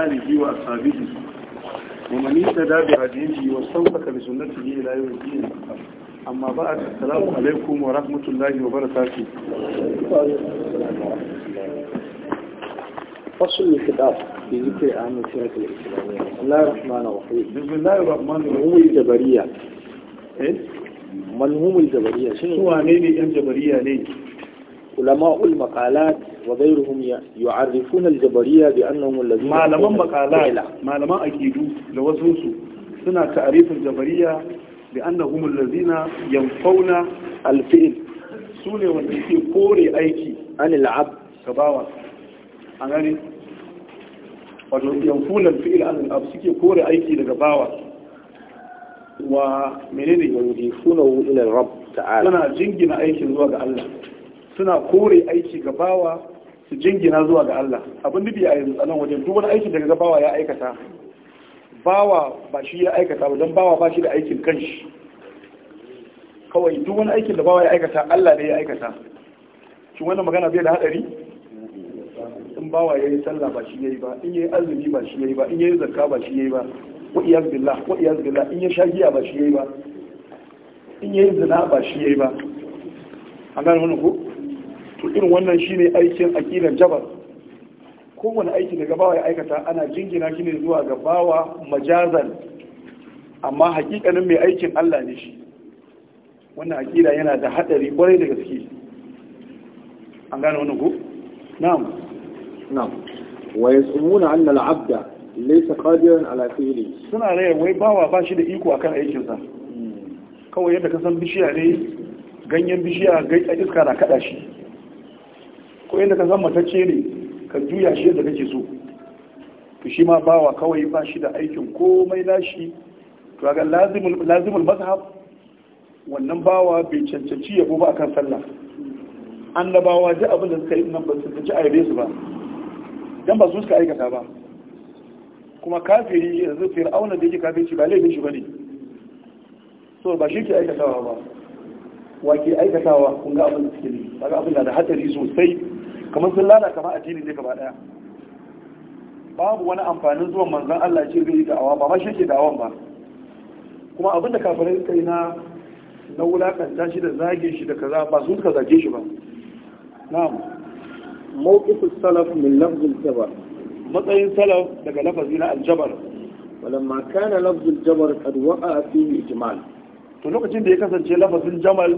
alihi wa ashabihi wa man yata bi hadihi wa sawfa bi sunnatihi ila yawm al-din amma ba'd assalamu wa rahmatullahi wa barakatuh fasl al-kitab bi dhikri amal sirat al-islamiyya allah rahman wa rahim bismillahir rahmanir rahim jabariyya eh man hum al-jabariyya shin wa ne ne علماء المقالات وغيرهم يعرفون الجبرية بأنهم الذين ما لما مقالات ما لما أكيدوا لوزنسوا سنة تعريف الجبرية بأنهم الذين ينفون الفئل سنة والتي قوري أيكي عن العبد كباوة أغاني wato yankunan fi'il an abu suke kore aiki daga bawa wa menene yanzu suna ila rabb ta'ala suna jingina aikin zuwa ga Allah suna kore aiki ga bawa su jingina zuwa ga Allah abin nufi a yanzu tsanan wajen duk wani aiki daga bawa ya aikata bawa ba shi ya aikata ba don bawa ba shi da aikin kanshi kawai duk wani aikin da bawa ya aikata Allah ne ya aikata shi wannan magana bai da hadari in bawa ya yi sallah ba shi ya yi ba in ya yi azumi ba shi ya yi ba in ya yi zakka ba shi ya yi ba wa iyaz billah wa iyaz billah in ya sha giya ba shi ya yi ba in ya yi zina ba shi ya yi ba an gane wannan ko to irin wannan shine aikin aqidan jabal kowane aiki daga bawa ya aikata ana jingina shi ne zuwa ga bawa majazan amma hakikanin mai aikin Allah ne shi wannan aqida yana da hadari kwarai da gaske an gane wannan ko na'am na'am wa yasumuna anna al-abda laysa qadiran ala fi'li suna rayar wai bawa ba shi da iko akan aikinsa hmm. kawai yadda ka san bishiya ne ganyen bishiya ga iska na kada shi ko inda ka zama ta ne ka juya shi yadda kake so to shi ma bawa kawai ba shi da aikin komai nashi to ga lazimul lazimul mazhab wannan bawa bai cancanci yabo ba akan sallah annabawa ji abin da suka yi nan ba su ji a yabe su ba dan ba su suka aikata ba kuma kafiri yanzu fir'auna da yake kafirci ba laifin shi bane so ba shi ke aikatawa ba wa ke aikatawa kun ga abin da suke ne ga abin da hatsari sosai kamar sun lalata ma addini ne gaba daya babu wani amfanin zuwan manzan Allah ce zai yi da'awa ba ma shi ke da'awan ba kuma abinda kafirai suka yi na na wulakanta shi da zage shi da kaza ba su suka zage shi ba na'am mawqifus salaf min lafzil jabar matsayin salaf daga lafazi na aljabar kana كان لفظ الجبر قد وقع فيه ijimal? to lokacin da ya kasance lafazin jamal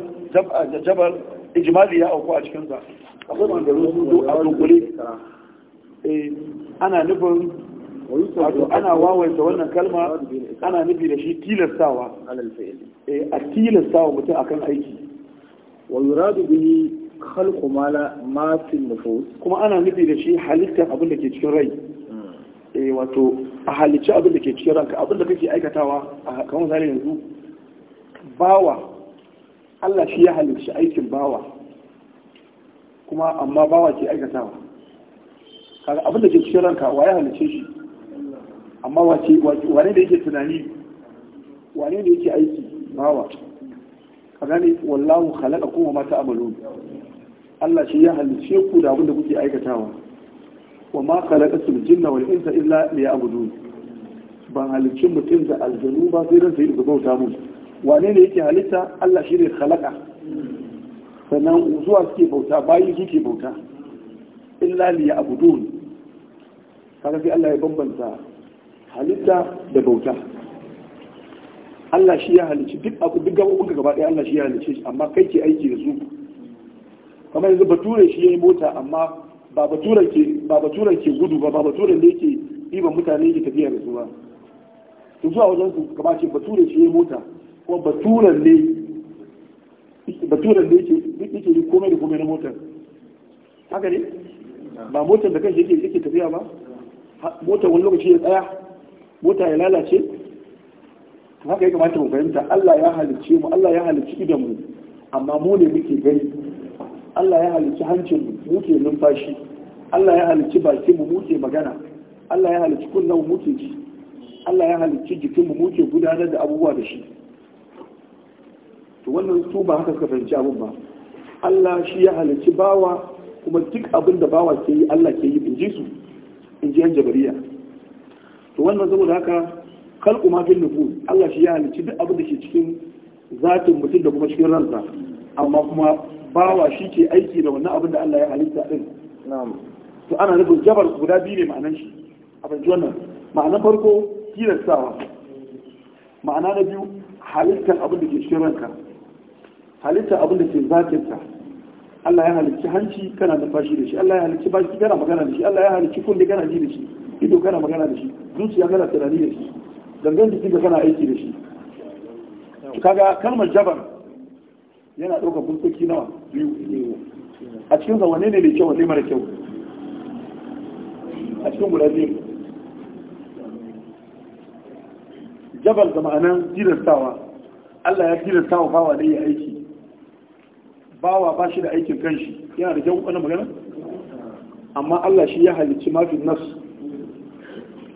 jabal ijmali ya auku a cikin sa akwai maganganun hudu a dunkule eh, ana nufin wato ana wawaita wannan kalma ana nufi da shi tilastawa eh, a tilastawa mutum akan aiki wa yuradu bihi khalqu mala ma fi nufus kuma ana nufi da shi halittar abin da ke cikin rai hmm. eh wato a halicci abin da ke cikin ranka abin da kake aikatawa a kamar misali yanzu bawa Allah shi ya halicci aikin bawa kuma amma bawa ke aikatawa kaga abin da ke cikin ranka wa ya halice shi amma wace wane da yake tunani wane da yake aiki bawa ka gani wallahu khalaqa kuma ma ta'malun Allah shi ya halice ku da abin da kuke aikatawa wa ma khalaqatul jinna wal insa illa liya'budun ban halicci mutum da aljanu ba sai ran sai da bauta mu wane ne yake halitta Allah shi ne khalaqa sannan zuwa suke bauta bayi suke bauta in illa li ya'budun kaga sai Allah ya bambanta halitta da bauta Allah shi ya halici duk abu duk gabobin gaba ɗaya Allah shi ya halici amma kai ke aiki da su kamar yanzu bature shi ya yi mota amma ba baturen ke ba ke gudu ba ba baturen da yake ɗiba mutane ke tafiya da su ba Su zuwa wajen su kama ce bature shi ya yi mota kuma baturen ne baturan da yake yake yi komai da komai na motar haka ne ba motar da kai yake yake tafiya ba motar wani lokaci ya tsaya mota ya lalace haka ya kamata mu fahimta Allah ya halicce mu Allah ya halicci idan mu amma mu ne muke gani Allah ya halicci hancin mu muke numfashi Allah ya halicci bakin mu muke magana Allah ya halicci kunnen mu muke ji Allah ya halicci jikin mu muke gudanar da abubuwa da shi to wannan su ba haka suka fahimci abin ba Allah shi ya halarci bawa kuma duk abin da bawa ke yi Allah ke yi in ji su in ji yan jabariya to wannan saboda haka kalku ma fil nufu Allah shi ya halarci duk abin da ke cikin zatin mutum da kuma cikin ransa amma kuma bawa shi ke aiki da wannan abin da Allah ya halitta din na'am to ana nufin jabar guda biyu ne ma'anan shi a fahimci wannan ma'anan farko tilastawa ma'ana na biyu halittar abin da ke cikin ranka halitta abin da ke zatinta Allah ya halicci hanci kana da fashi da shi Allah ya halicci baki kana magana da shi Allah ya halicci kunne kana ji da shi ido kana magana da shi zuciya kana tunani da shi gangan jiki ka kana aiki da shi kaga kalmar jabar yana ɗaukar bulkoki nawa biyu a cikin sa wanne ne mai kyau wanne mara kyau a cikin guda biyu jabal da ma'anan jirastawa Allah ya jirastawa fawa ne ya aiki bawa ba shi da aikin kan shi, yana da kyau wannan magana amma Allah shi ya halicci mafi nas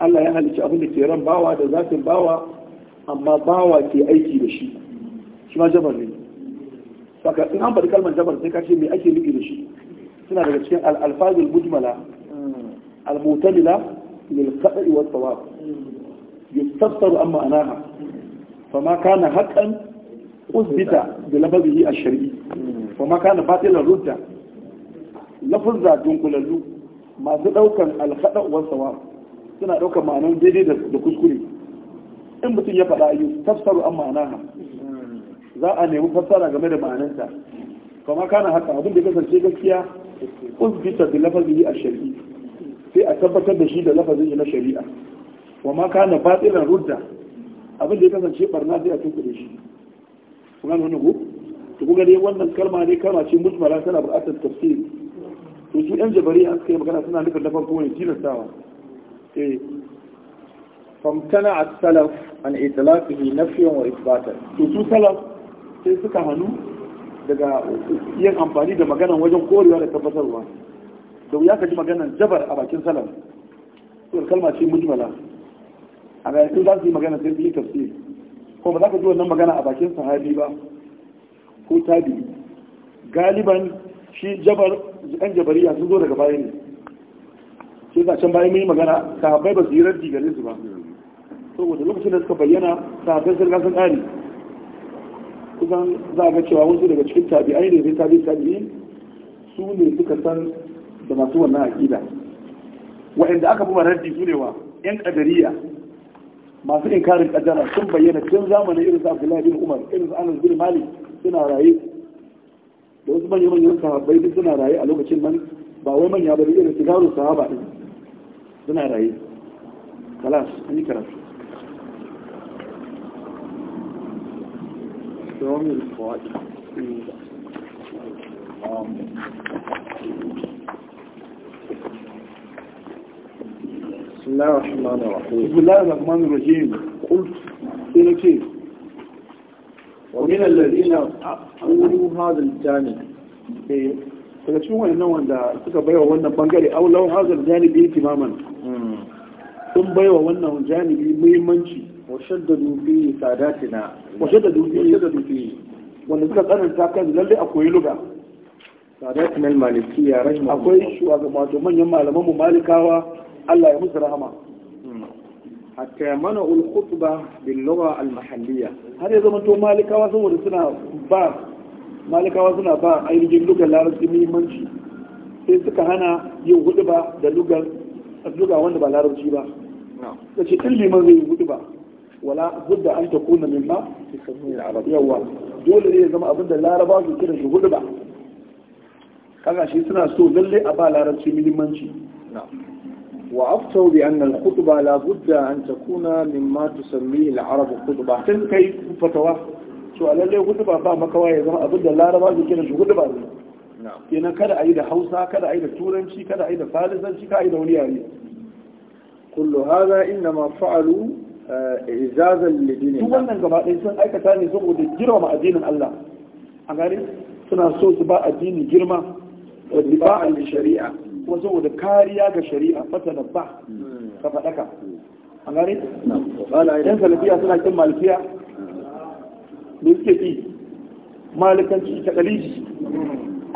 Allah ya halicci abin da ke ran bawa da zafin bawa amma bawa ke aiki da shi shi ma jabar ne saka in an faɗi kalmar jabar sai ka ce me ake nufi da shi suna daga cikin al-alfazul mujmala al-mutamila lil qada'i wat tawab yustafsaru amma anaha fama kana haqqan usbita bi lafazihi ash-shar'i wa makana batilan lafin zafin dunkulallu masu daukan alkhada wa sawa suna daukan ma'anan daidai da kuskure in mutum ya faɗa ayu tafsaru an ma'anaha za a nemi fassara game da ma'anarta kuma kana haka abin da kasance gaskiya usbita bi yi a shari'i sai a tabbatar da shi da lafazin na shari'a kuma kana batilan rudda abin da kasance barna sai a tunkure shi kuma wannan ko to kuma dai wannan kalma ne kama ce mujmala tana buƙatar tafsiri to shi yan jabari an suka yi magana suna nufin na farko ne tilastawa eh famtana as-salaf an itlaqihi nafyan wa isbata. to su salaf sai suka hannu daga yin amfani da maganan wajen korewa da tabbatarwa da ya kaji maganan jabar a bakin salaf to kalma ce mujmala a ga sun za su yi magana sai su yi tafsiri Kuma ba za ka ji wannan magana a bakin sahabi ba ko tabi galiban shi jabar yan jabariya sun zo daga baya ne sai ga can bayan mun yi magana sahabbai ba su yi raddi gare su ba saboda lokacin da suka bayyana sahabbai sun sun kare kusan za a ga cewa wasu daga cikin tabi'ai ne sai tabi tabi'i su ne suka san da masu wannan aƙida wa'anda aka fi raddi su ne wa 'yan ƙadariya masu inkarin ƙaddara sun bayyana tun zamanin irin su abdullahi bin umar irin sa anas bin malik suna raye da wasu manya manyan sahabbai duk suna raye a lokacin man ba wai manya ba irin sigarun sahaba din suna raye kalas an yi karatu بسم الله الرحمن الرحيم بسم الله الرحمن الرحيم قلت ومن الذين أولوا هذا الجانب daga cikin wannan wanda suka baiwa wannan bangare a aulau hazar janibi timaman hmm. sun baiwa wannan janibi muhimmanci wa shaddadu fi sadatina da shaddadu fi shaddadu fi wanda suka tsananta kan lalle akwai luga sadatina al-malikiyya rahimahullah akwai shugaban manyan malaman mu malikawa Allah ya musu rahama hatta mana ulkutuba bin lura almahalliya har ya zama to malikawa suna ba malikawa suna ba ainihin lugar larabci muhimmanci sai suka hana yin hudu ba da lugar wanda ba larabci ba da ce ilimin zai yi hudu ba wala budda an ta kuna min ma yawa dole ne ya zama abin da larabawa su kiran shi ba kaga suna so lallai a ba larabci muhimmanci وأفتوا بأن الخطبة لابد أن تكون مما تسميه العرب خطبة تن كي فتوى سؤال لي خطبة فاهم كواي أبدا لا ربا كنا شو خطبة نعم كنا كذا أيد حوسا كذا أيد تورنشي كذا أيد فارسنشي كذا أيد ولياني كل هذا إنما فعلوا إعزازا لدين الله wannan gaba ɗaya sun aikata ne saboda girma addinin Allah a gari suna so su ba addini girma da ba shari'a kuma saboda kariya ga shari'a fatana ba ka faɗaka an gane? yan salafiya suna kin malikiya da suke fi malikanci ta ƙalishi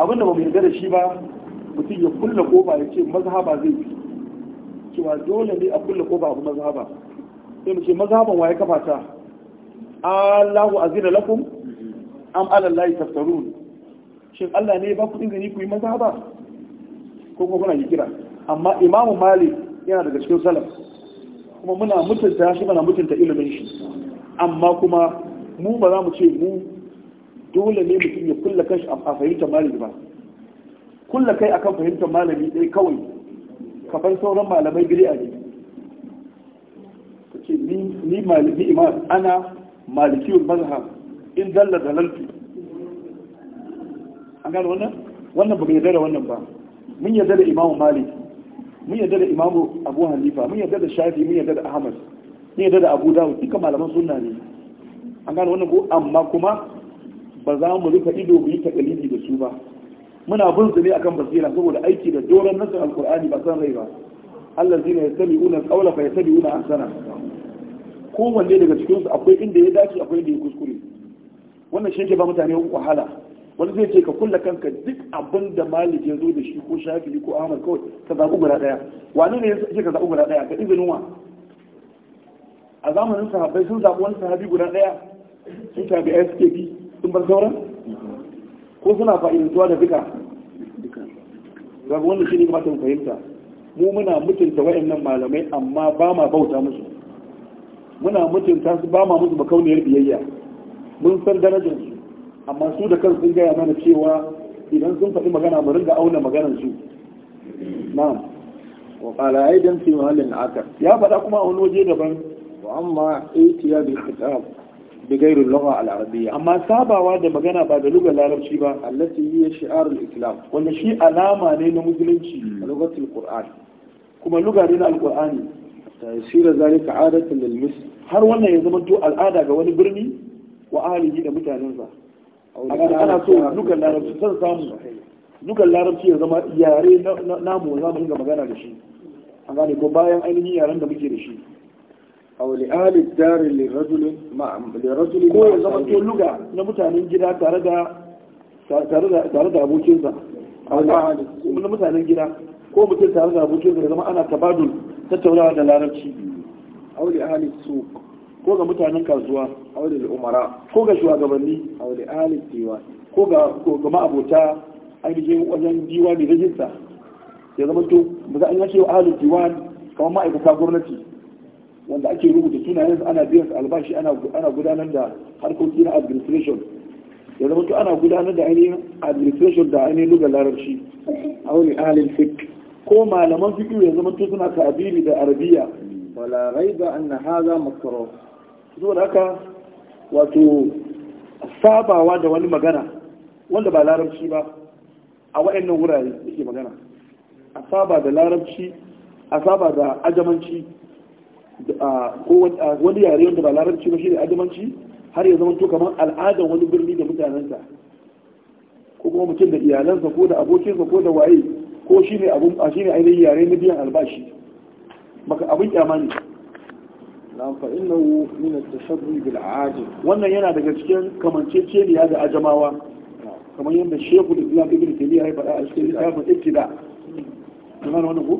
abinda ba mu yarda da shi ba mutum ya kulla kofa ya ce mazhaba zai fi cewa dole ne a kulla kofa abu mazhaba sai mu ce mazhaban waye kafa ta Allahu azina lakum am ala Allah taftarun shin Allah ne ba ku izini ku yi mazhaba ko kuma kuna kira amma imamu mali yana daga cikin salaf kuma muna mutunta shi muna mutunta ilimin shi amma kuma mu ba za mu ce mu dole ne mutum ya kulla kanshi a fahimtar malami ba kulla kai akan fahimtar malami dai kawai ka bar sauran malamai gari ne kace ni ni maliki imam ana malikiyul mazhab in dalla dalaltu an gano wannan wannan ba ga yarda wannan ba mun yarda da imamu malik mun yarda da imamu abu hanifa mun yarda da shafi mun yarda da ahmad mun yarda da abu dawud duka malaman sunna ne an gane wannan ko amma kuma ba za mu rufe ido mu yi takalidi da su ba muna bin su ne akan basira saboda aiki da doron nasin alkur'ani ba san rai ba allazina yastabi'una al-qawla fa yastabi'una ahsana kowanne daga cikinsu akwai inda ya dace akwai inda ya kuskure wannan shi ke ba mutane wahala wani zai ce ka kulla kanka duk abin da malik ya zo da shi ko shafi ko ahmad kawai ka zaɓi guda ɗaya wani ne ya ce ka zaɓi guda ɗaya ka izinin wa a zamanin sahabbai sun zaɓi wani sahabi guda ɗaya sun tabi skb sun bar sauran ko suna fa'idantuwa da duka ga wannan shi ne kamata mu fahimta mu muna mutunta waɗannan malamai amma ba ma bauta musu muna mutunta su ba ma musu makauniyar biyayya mun san darajarsu amma su da kansu sun gaya mana cewa idan sun faɗi magana mu ringa auna maganar su na'am wa qala aidan fi mahallin akar ya faɗa kuma a wani waje daban wa amma aitiya bil kitab bi ghairi lugha al arabiyya amma sabawa da magana ba da lugar larabci ba allati hiya shi'ar al islam wanda shi alama ne na musulunci a hmm. lugatul qur'an kuma lugari na alqur'ani tasira zalika adatan lil misr har wannan ya zama to al'ada ga wani birni wa alihi da mutanensa ana so lugan larabci san samu lugan larabci ya zama yare na mu za mu dinga magana da shi an gane ko bayan ainihin yaren da muke da shi aw li ahli dar li rajul ma li rajul ko ya zama to luga na mutanen gida tare da tare da tare da abokinsa aw na mutanen gida ko mutum tare da abokinsa ya zama ana tabadul tattaunawa da larabci aw li ahli suq ko ga mutanen kasuwa aure wani umara ko ga shugabanni aure alif cewa ko ga ko ga ma'abota ainihin wajen diwa mai rajista ya zama to ba za a yi cewa alif cewa kamar ma'aikata gwamnati wanda ake rubuta sunayen ana biyan su albashi ana gudanar da harkoki na administration ya zama to ana gudanar da ainihin administration da ainihin luga larabci aure alif fik ko malaman fiqh ya zama to suna ta'abiri da arabiya wala raiba anna hadha makruh zuwa haka wato sabawa da wani magana wanda ba larabci ba a waɗannan wurare yake magana a saba da larabci a saba da ajamanci ko wani yare wanda ba larabci ba shi da ajamanci har ya zama to kamar al'adar wani birni da mutanensa ko kuma mutum da iyalansa ko da abokinsa ko da waye ko shi ne ainihin yare na biyan albashi maka abin kyama ne fa innahu min at-tashabbuh bil ajam wannan yana daga cikin kamanceceniya da ajamawa kamar yadda shekul islam ibn taymiya ya faɗa a cikin littafin ittida kuma wannan ko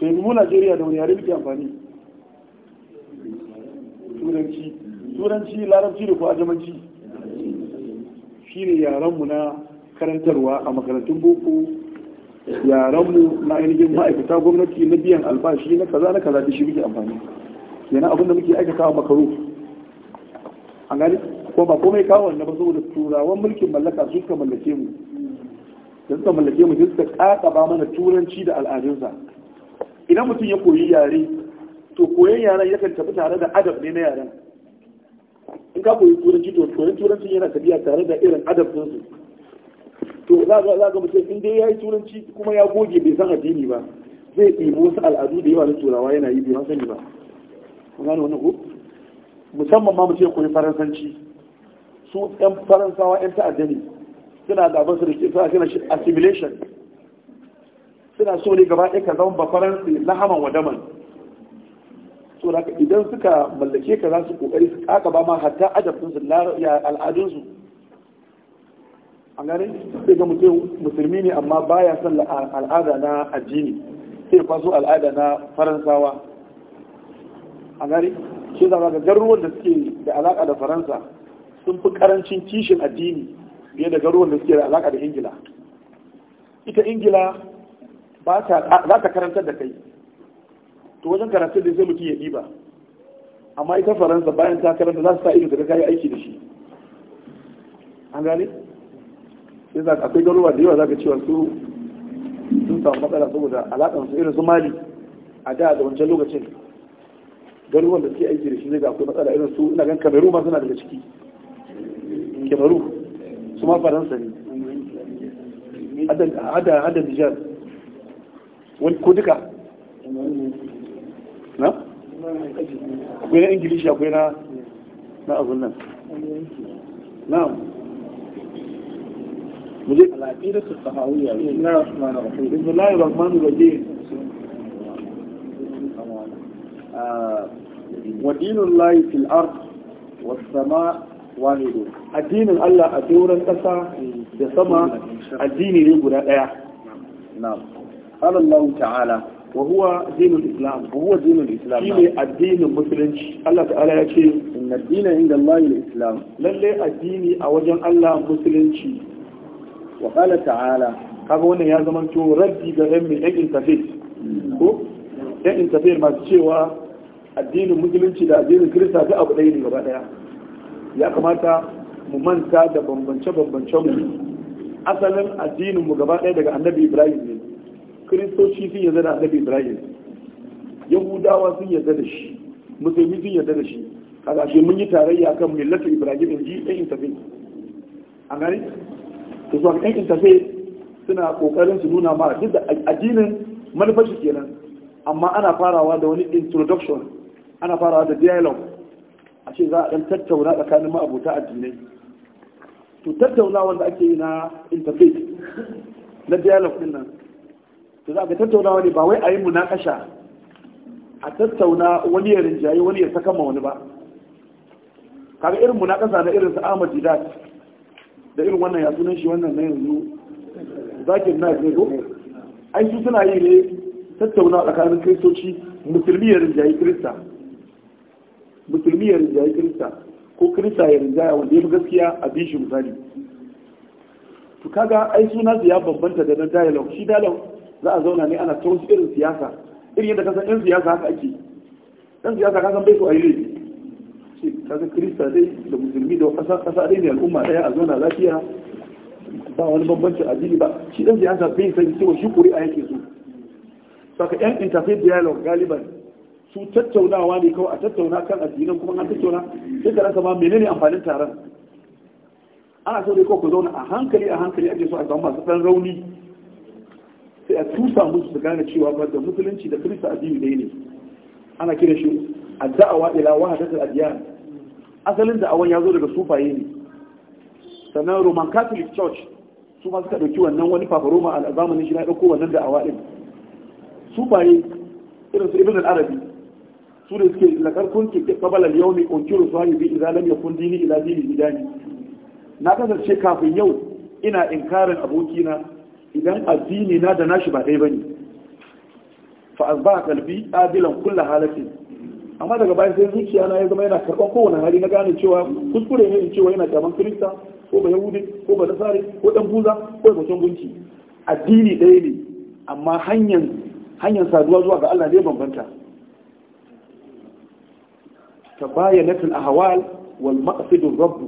sai mu Najeriya da wani yare muke amfani turanci turanci larabci da ko ajamanci shine yaran mu na karantarwa a makarantun boko yaran mu na ainihin ma'aikata gwamnati na biyan albashi na kaza na kaza da shi muke amfani kenan abinda muke aikata wa makaru an gani ko ba komai kawo wannan ba saboda turawan mulkin mallaka su suka mallake mu dan suka mallake mu ka suka ba mana turanci da al'adunsa idan mutum ya koyi yare to koyon yaren yakan tafi tare da adab ne na yaren in ka koyi turanci to koyon turanci yana tafiya tare da irin adab su to za ga mutum in dai ya yi turanci kuma ya goge bai san addini ba zai ɗibi wasu al'adu da yawa na turawa yana yi bai san sani ba musamman ma mu koyi faransanci su yan faransawa yan ta'adda ne suna da abin su da ke suna gina assimilation suna so ne gaba ɗaya ka zama ba faransi na wa daman so da idan suka mallake ka za su kokari su kaka ba ma hatta ajabtun su al'adunsu an gane sai ga mutum musulmi ne amma baya son al'ada na addini sai kwaso al'ada na faransawa a gari shi zama ga garuruwan da suke da alaka da faransa sun fi karancin kishin addini fiye da garuruwan da suke da alaka da ingila ita ingila za ta karantar da kai to wajen karatun da zai mutum ya ɗiba amma ita faransa bayan ta karanta za su sa ido da kayi aiki da shi an gane sai za akwai garuruwa da yawa za ka cewa su sun samu matsala saboda alaƙar su irin su mali a da da wancan lokacin garuruwan wanda suke aiki da shi zai ga akwai matsala irin su ina gan kameru ma suna daga ciki kameru su ma faransa ne hada nijar wani ko duka na? akwai na ingilishi akwai na na abun nan na'am muje al'aqidatu sahawiyya bismillahir rahmanir rahim wadinun layi fil ard wasama wahidu addinin Allah a doron ƙasa da sama addini ne guda ɗaya na'am Allah ta'ala wa huwa islam wa huwa dinul islam shine addinin musulunci Allah ta'ala ya ce inna dina inda islam lalle addini a wajen Allah musulunci wa qala ta'ala kaga wannan ya zama raddi ga ɗan mai ko masu cewa addinin musulunci da addinin kirista duk abu ɗaya ne gaba ɗaya ya kamata mu manta da bambance-bambancen mu asalin addinin mu gaba ɗaya daga annabi ibrahim ne kiristoci sun yarda da annabi ibrahim yahudawa sun yarda da shi musulmi sun yarda da shi a ƙarshe mun yi tarayya kan millatu ibrahim in ji ɗan intafe a gani to su ɗan intafe suna kokarin su nuna mara duk da addinin manufarsu kenan amma ana farawa da wani introduction ana farawa da dialogue a ce za a dan tattauna tsakanin ma'abuta addinai to tattauna wanda ake yi na interface na dialogue din nan to za a ga tattaunawa ne ba wai a yi munakasha a tattauna wani ya jayi wani ya saka ma wani ba kaga irin munakasa na irin su Ahmad Didat da irin wannan ya sunan shi wannan na yanzu zakir na zai ko ai su suna yi ne tattauna tsakanin kristoci musulmi ya jayi krista musulmi ya rinjaye kirista ko kirista ya rinjaya wanda ya fi gaskiya a bi shi misali to kaga ai suna su ya bambanta da na dialogue shi dialogue za a zauna ne ana ta irin siyasa irin yadda kasan yan siyasa haka ake yan siyasa kasan bai so a yi laifi shi kaga kirista dai da musulmi da kasa kasa dai ne al'umma daya a zauna lafiya ba wani bambanci addini ba shi dan siyasa bai san cewa shi a yake so saka yan interfaith dialogue galiban su tattaunawa ne kawai a tattauna kan addinan kuma an tattauna sai ka rasa ma menene amfanin taron ana so dai kawai ku zauna a hankali a hankali ake so a zama masu ɗan rauni sai a tusa musu su gane cewa ba da musulunci da kirista addini ɗaya ne ana kira shi adda'awa ila wahadatul adyan asalin da'awan ya zo daga sufaye ne sannan roman catholic church su ma suka ɗauki wannan wani fafaroma a zamanin shi na ɗauko wannan da'awa ɗin sufaye irin su ibn al-arabi su da suke lakar kabalar ke kabal al yawmi unkiru bi idza lam kun dini ila dini bidani na kasance kafin yau ina inkarin abokina idan addini na da nashi ba ɗaya ne. fa asbaha kalbi adilan kull halarci. amma daga bayan sai zuciya na ya zama yana karɓar kowane hali na gane cewa kuskure ne in cewa yana kyaman kirista ko ba yahudi ko ba nasari ko dan buza ko ba can addini ɗaya ne amma hanyar hanyar saduwa zuwa ga Allah ne bambanta tabayyanatul ahwal wal maqsidur rabb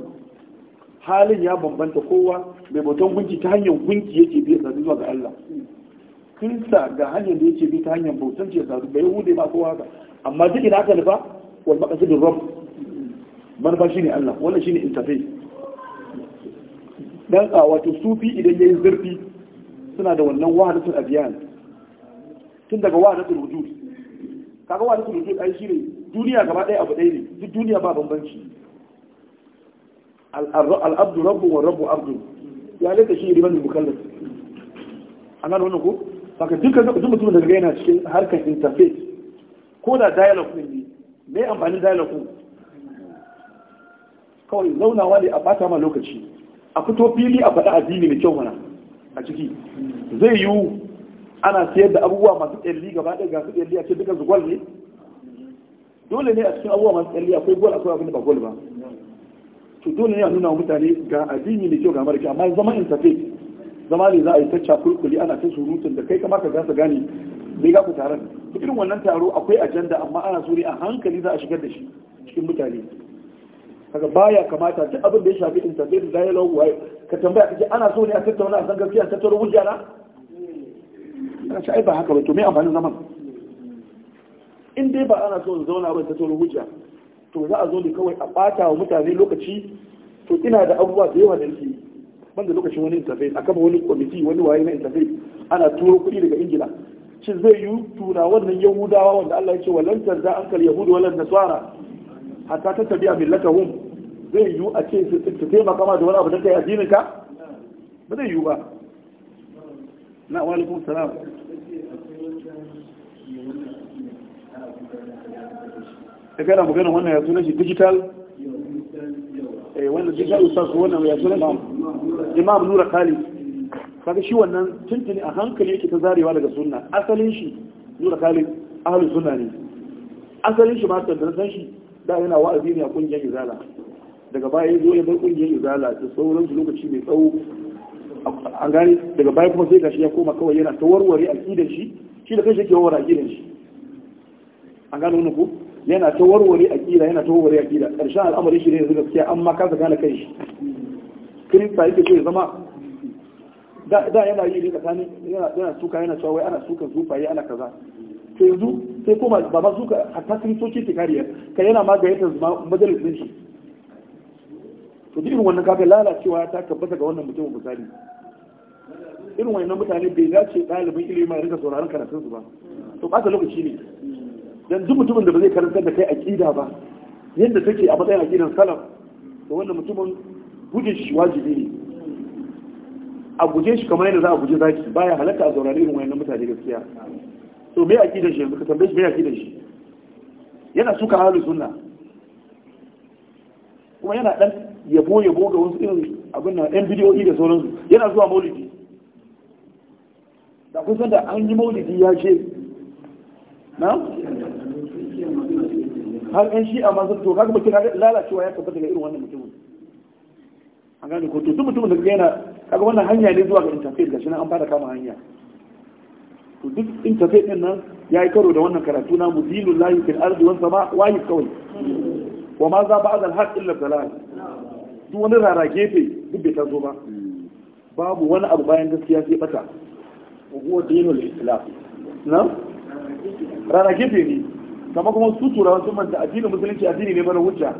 halin ya bambanta kowa mai bautan gunki ta hanyar gunki yake bi da zuwa ga Allah kirista ga hanyar da yake bi ta hanyar bautan ce zaru bai hude ba kowa ka amma duk ina aka nufa wal maqsidur rabb manufa shine Allah wannan shine interface dan a wato sufi idan yayin zurfi suna da wannan wahadatul abiyan tun daga wahadatul wujud kaga wahadatul wujud ai shine duniya gaba ɗaya abu ɗaya ne duk duniya ba bambanci al'abdu rabbu wa rabbu abdu ya laita shi riban mukallaf an gano wannan ko saka dukkan duk mutumin da ga yana cikin harkar interface ko da dialogue ne me amfanin dialogue kawai zaunawa ne a bata ma lokaci a fito fili a faɗa addini mai kyau mana a ciki zai yiwu ana sayar da abubuwa masu tsalli gaba ɗaya ga su tsalli a ce duka zugwal ne dole ne a cikin abubuwa masu tsalli akwai gol akwai abin da ba gol ba to dole ne a nuna wa mutane ga addini da kyau ga mara kyau amma zama in tafe zama ne za a yi ta cakulkuli ana ta surutun da kai kamar ka gasa gane bai ga ku taron irin wannan taro akwai ajanda amma ana so ne a hankali za a shigar da shi cikin mutane kaga baya kamata duk abin da ya shafi in tafe da dialogue wai ka tambaya kace ana so ne a tattauna a san gaskiya tattaro hujja na ana ce ai ba haka ba to me amfanin zaman in dai ba ana so in zauna ba ta tsoro hujja to za a zo ne kawai a bata wa mutane lokaci to ina da abubuwa da yawa da nake ban da lokacin wani interface a kafa wani kwamiti wani waye na interface ana turo kuɗi daga ingila shi zai yi tura wannan yahudawa wanda allah ya ce walan tarda an yahudu walan nasara hatta ta tabi'a millatahum zai yi a ce su taimaka ma da wani abu da kai addinin ka ba zai yi ba na wa alaikum salam da mu maganin wannan ya sunan shi digital eh wannan digital usas wannan ya sunan imam nura khalid kaga shi wannan tuntuni a hankali yake ta zarewa daga sunna asalin shi nura khalid ahlu sunna ne asalin shi ma da san shi da yana wa'azi ne a kungiyar izala daga baya ya zo ya bar kungiyar izala da sauran su lokaci mai tsawo an gane daga baya kuma sai gashi ya koma kawai yana ta warware aqidar shi shi da kanshi yake warware aqidar shi an gane wannan ko yana ta warware aqida yana ta warware aqida karshen al'amari shi ne yanzu gaskiya an ma kasa gane kai shi kirista yake so ya zama da yana yi ne tsakanin yana suka yana cewa wai ana suka zufaye ana kaza sai yanzu sai kuma ba ma suka hatta soke ta kariya kai yana ma ga yadda majalisin shi to irin wannan kaga lalacewa ta tabbata ga wannan mutumin misali irin wannan mutane bai dace ɗalibin ilimi ya rika sauraron karatunsu ba to ɓata lokaci ne dan duk mutumin da ba zai karantar da kai aqida ba yadda take a matsayin aqidan salaf to wannan mutumin gudun shi wajibi ne a guje shi kamar yadda za a guje zaki baya halatta a zaurari irin wayannan mutane gaskiya to me aqidan shi yanzu ka tambaye shi me aqidan shi yana suka ahlus sunna kuma yana dan yabo yabo ga wasu irin abin nan yan bidiyo da sauransu yana zuwa maulidi da kun san da an yi maulidi ya ce na har yan shi a masu to kaga mutum lalacewa ya tabbata ga irin wannan mutumin an gane ko to duk mutumin da kaga yana kaga wannan hanya ne zuwa ga interface gashi nan an fara kama hanya to duk interface din nan ya yi karo da wannan karatu na mu dinu lahi fil ardi wan sama wayi kawai wa ma za ba'd al haqq illa dalal duk wani rara gefe duk bai tazo ba babu wani abu bayan gaskiya sai bata wa huwa dinul islam na rara gefe ne kamar kuma su turawa sun manta addinin musulunci addini ne mara hujja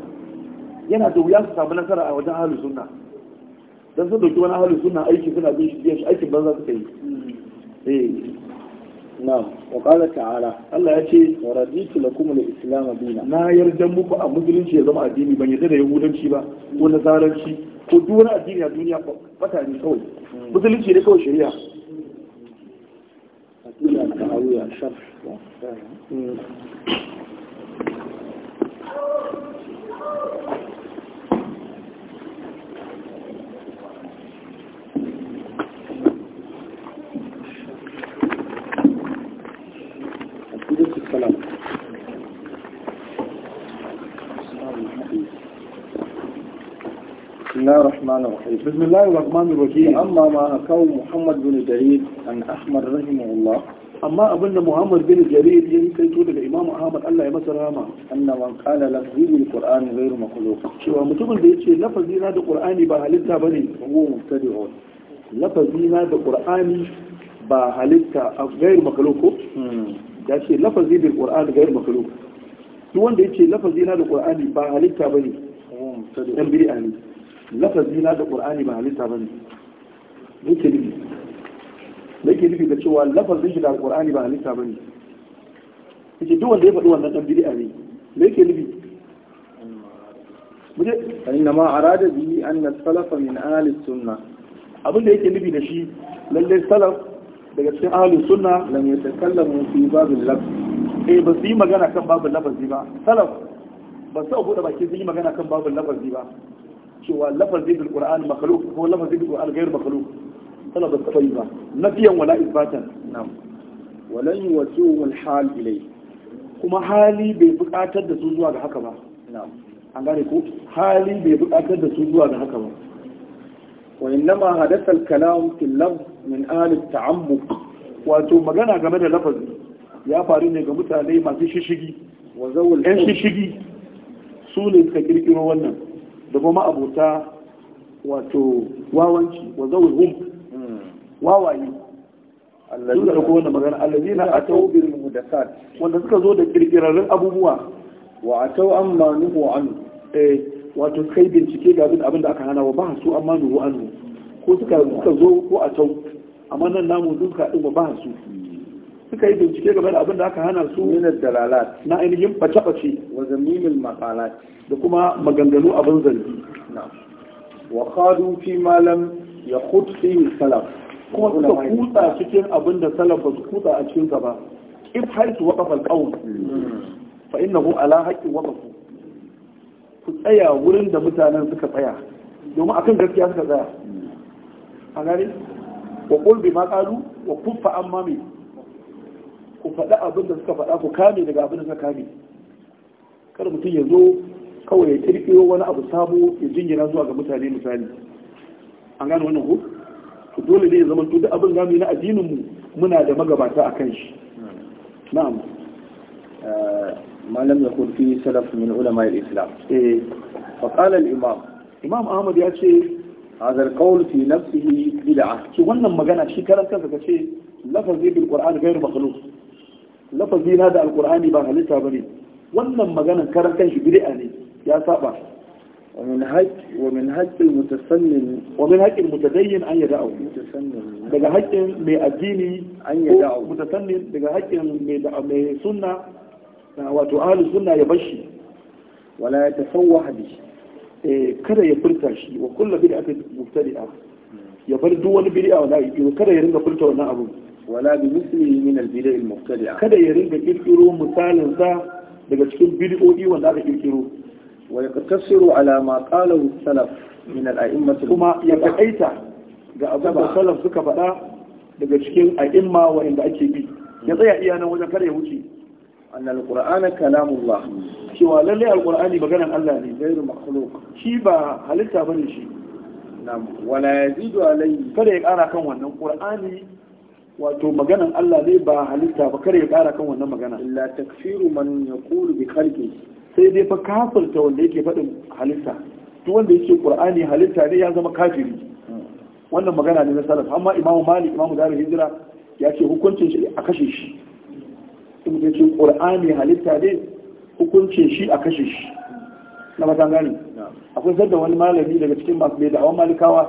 yana da wuya su samu nasara a wajen ahlus sunna dan sun dauki wani ahlus sunna aiki suna bin shi shi aikin banza suka yi eh na wa qala ta'ala Allah ya ce wa raditu lakum al-islam dinan na yarda muku a musulunci ya zama addini ban yarda da yahudanci ba ko nasaranci ko duk wani addini a duniya ba ne kawai hmm. musulunci ne kawai shari'a تعويع شرح الله الرحمن الرحيم بسم الله الرحمن الرحيم أما ما أكو محمد بن جرير عن أحمد رحمه الله أما أبن محمد بن جرير يمكن تقول الإمام أحمد الله يمسر راما أن من قال لفظي القرآن غير مخلوق شو متقول بيتشي لفظي هذا القرآن بهالتها بني هو مبتدع لفظي هذا القرآن بهالتها غير مخلوق ya ce lafazi bil qur'an gairu makhluq duk wanda yace lafazi na da qur'ani ba halitta bane dan bid'a ne lafazi na da qur'ani ba halitta bane nake nufi nake nufi da cewa lafazin shi da qur'ani ba halitta bane yake duk wanda ya faɗi wannan dan bid'a ne da yake nufi muje inna ma arada bihi anna salafa min ahli sunna abin da yake nufi da shi lalle salaf daga cikin ahli sunna lam yatakallamu fi babin lafz eh ba su yi magana kan babin lafazi ba salaf ba su abu da baki sun yi magana kan babin lafazi ba cewa lafazin bil Qur'ani makhluk ko lafazin bil Qur'ani gairu makhluk tana da ta ba nafiyan wala isbatan na'am walan yuwatu al hal ilay kuma hali bai buƙatar da su zuwa ga haka ba na'am an gane ko hali bai buƙatar da su zuwa ga haka ba wa innama hadatha al kalam fil lafz min al ta'ammuq wato magana game da lafazi ya faru ne ga mutane masu shishigi wa zawul shishigi su ne suka kirkiro wannan da kuma abota wato wawanci wa zawul hum wawaye allazi da ko wannan magana allazi na atau bil muhdathat wanda suka zo da kirkirarin abubuwa wa atau amma nuhu an eh wato kai bincike ga abin da aka hana wa ba su amma nuhu an ko suka suka zo ko atau amma nan namu duka din ba su suka yi bincike game da abin da aka hana su minar dalalat na ainihin bace-bace wa zamimin maqalat da kuma maganganu abin zargi wa khadu fi malam ya khutsi salaf kuma suka kutsa cikin abin da salaf ba su kutsa a cikin ba if har su waqafa al-qawm hmm. fa innahu ala haƙƙin waqafu ku tsaya wurin da mutanen suka tsaya domin akan gaskiya suka tsaya hmm. a gari wa qul bima qalu wa kuffa amma min ku faɗa abin da suka faɗa ku kame daga abin da suka kame kada mutum ya zo kawai ya kirkiro wani abu sabo ya jingina zuwa ga mutane misali an gane wannan ku to dole ne ya zama duk abin zamu na addinin mu muna da magabata a kan shi na'am eh, malam ya kun salaf min ulama al-islam eh fa qala al-imam imam ahmad ya ce هذا القول في نفسه بدعة شو wannan magana shi karan kansa kace lafazi bil qur'an ghairu makhluq lafazi na da alkur'ani ba halitta ba ne wannan maganan karan shi bid'a ne ya saba ومن حق ومن حق المتسنن ومن حق المتدين ان يدعو متسنن daga haƙƙin mai addini an ya da'u mutasannin daga haƙƙin mai sunna wato ahlus sunna ya bashi wala ya tasawwah bi eh, kada ya furta shi wa kullu bid'atin mubtadi'a ya bar duk wani bid'a wala kada ya ringa furta wannan abu wala bi mislihi min al-bid'a al kada ya ringa kirkiro misalin sa daga cikin bid'o'i wanda aka kirkiro wa yaqtasiru ala ma qalahu salaf min al-a'immat kuma ya takaita ga abin da salaf suka faɗa daga cikin ake bi ya tsaya iya wajen kada ya wuce أن القرآن كلام الله شو قال ne. القرآن بقنا الله لي غير مخلوق شي با هل تابني شي نعم ولا يزيد عليه فريق أنا كم القرآن wato maganan Allah ne ba halitta ba kare ya kara kan wannan magana la takfiru man yaqulu bi khalqi sai dai fa kafirta wanda yake faɗin halitta to wanda yake qur'ani halitta ne ya zama kafiri wannan magana ne na salaf amma imamu malik imamu dar hijira ya ce hukuncin shi a kashe shi in da ce qur'ani halitta ne hukuncin shi a kashe shi na ba gani akwai sadda wani malami daga cikin masu mai da'awan malikawa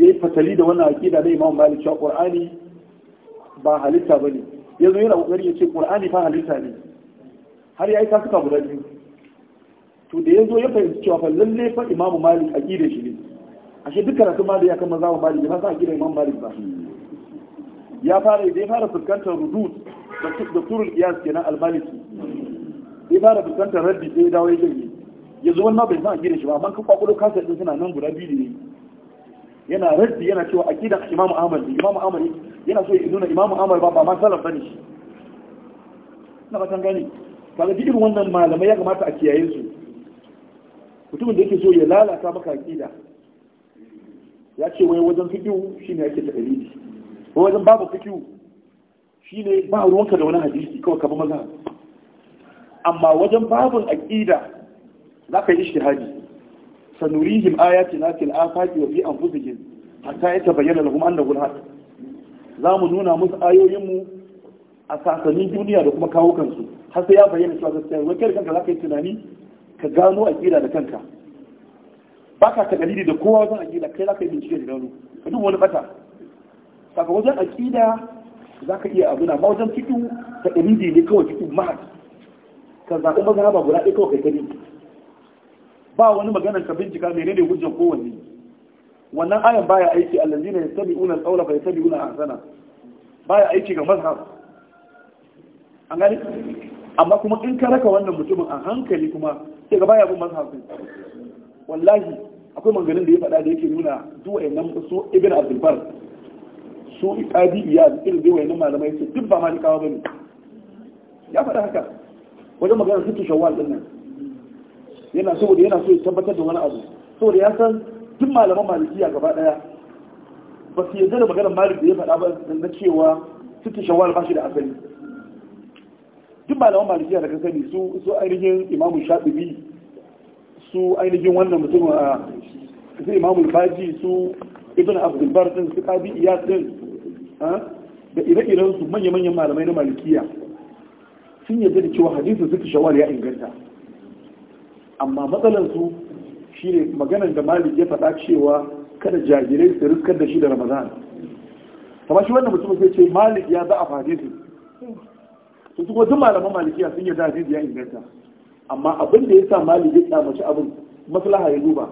ya yi fatali da wannan aƙida da imamu malik cewa qur'ani ba halitta ba ne Ya zo yana kokari ya ce qur'ani fa halitta ne har ya yi kasuka guda biyu to da ya zo ya fahimci cewa fa lalle fa imamu malik aqida shi ne ashe duk ma da ya kama zawo malik ba sa aqida imam malik ba ya fara da ya fara fuskantar rudud da turul qiyas kenan al-maliki ya fara fuskantar rabbi sai ya dawo ya janye ya zo wannan bai san aqida shi ba amma kan kwakwalo kasa din suna nan guda biyu ne yana raddi yana cewa aqidan imam ahmad imam ahmad yana so ya nuna imamu amur ba ma ba bane shi na ba gani kaga jikin wannan malamai ya kamata a kiyaye su mutumin da yake so ya lalata maka aqida ya ce wai wajen fikihu shine yake ta dalili ko wajen babu shi shine ba ruwanka da wani hadisi kawai ka bi maza amma wajen babun za ka yi ijtihadi sanurihim ayatina fil afaqi wa fi anfusihim hatta yatabayyana lahum annahu al-haqq za mu nuna musu ayoyinmu a sasannin duniya da kuma kawo kansu har sai ya bayyana cewa gaskiya wai kai kanka za ka yi tunani ka gano a kira da kanka ba ka ta dalili da kowa wajen aƙida kai za ka yi bincike da gano ka duk wani bata saka wajen aƙida za ka iya abuna ma wajen cikin ta dalili ne kawai cikin mahad ka zaɓi ba guda ɗaya kawai kai gani ba wani maganar ka bincika menene hujjar kowanne wannan ayan baya aiki allazina yattabi'una al-qawla fa ahsana baya aiki ga mazhab an gani amma kuma in ka raka wannan mutumin a hankali kuma sai ga baya bin mazhab wallahi akwai manganin da ya faɗa da yake nuna duk wayannan su ibn abdul bar su iqadi iyad irin da wayannan malamai su duk ba malikawa bane ya faɗa haka wajen magana su shawwal din nan yana saboda yana so ya tabbatar da wani abu saboda ya san duk malaman malikiya gaba daya ba su yanzu da maganar malik da ya faɗa ba na cewa suke shawar ba shi da asali duk malaman malikiya da kasani sani su su ainihin imamu shaɗubi su ainihin wannan mutum a su imamu baji su ibn abdulbar din su kabi iyas din da ire-iren su manya-manyan malamai na malikiya sun yarda da cewa hadisin suke shawar ya inganta amma matsalar su shi ne maganar da malik ya faɗa cewa kada jagirai su riskar da shi da ramadan kama shi wannan mutum sai ce malik ya za a hadisi su kuma duk malaman malikiya sun yarda hadisi ya inganta amma abin da ya sa malik ya mace abin maslaha ya duba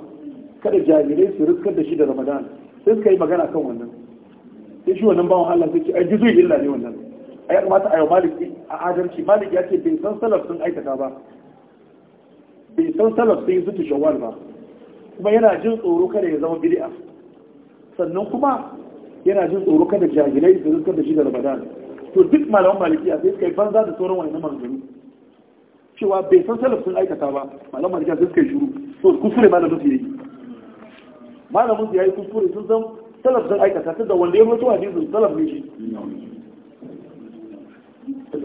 kada jagirai su riskar da shi da ramadan sai suka yi magana kan wannan sai shi wannan bawan Allah sai ce ai juzu illa ne wannan ai kamata a yau malik a adalci malik ya ce bai san salaf sun aikata ba bai san salaf sun yi zuci shawwal ba kuma yana jin tsoro kada ya zama bid'a sannan kuma yana jin tsoro kada jahilai su rinka da shi da ramadan to duk malaman a sai suka yi banza da sauran wani manzanni cewa bai san salaf sun aikata ba malaman malikiya sai suka yi shiru to kuskure malamin su yayi malamin su yayi kuskure sun san salaf sun aikata ta da wanda ya mutu hadisin salaf ne shi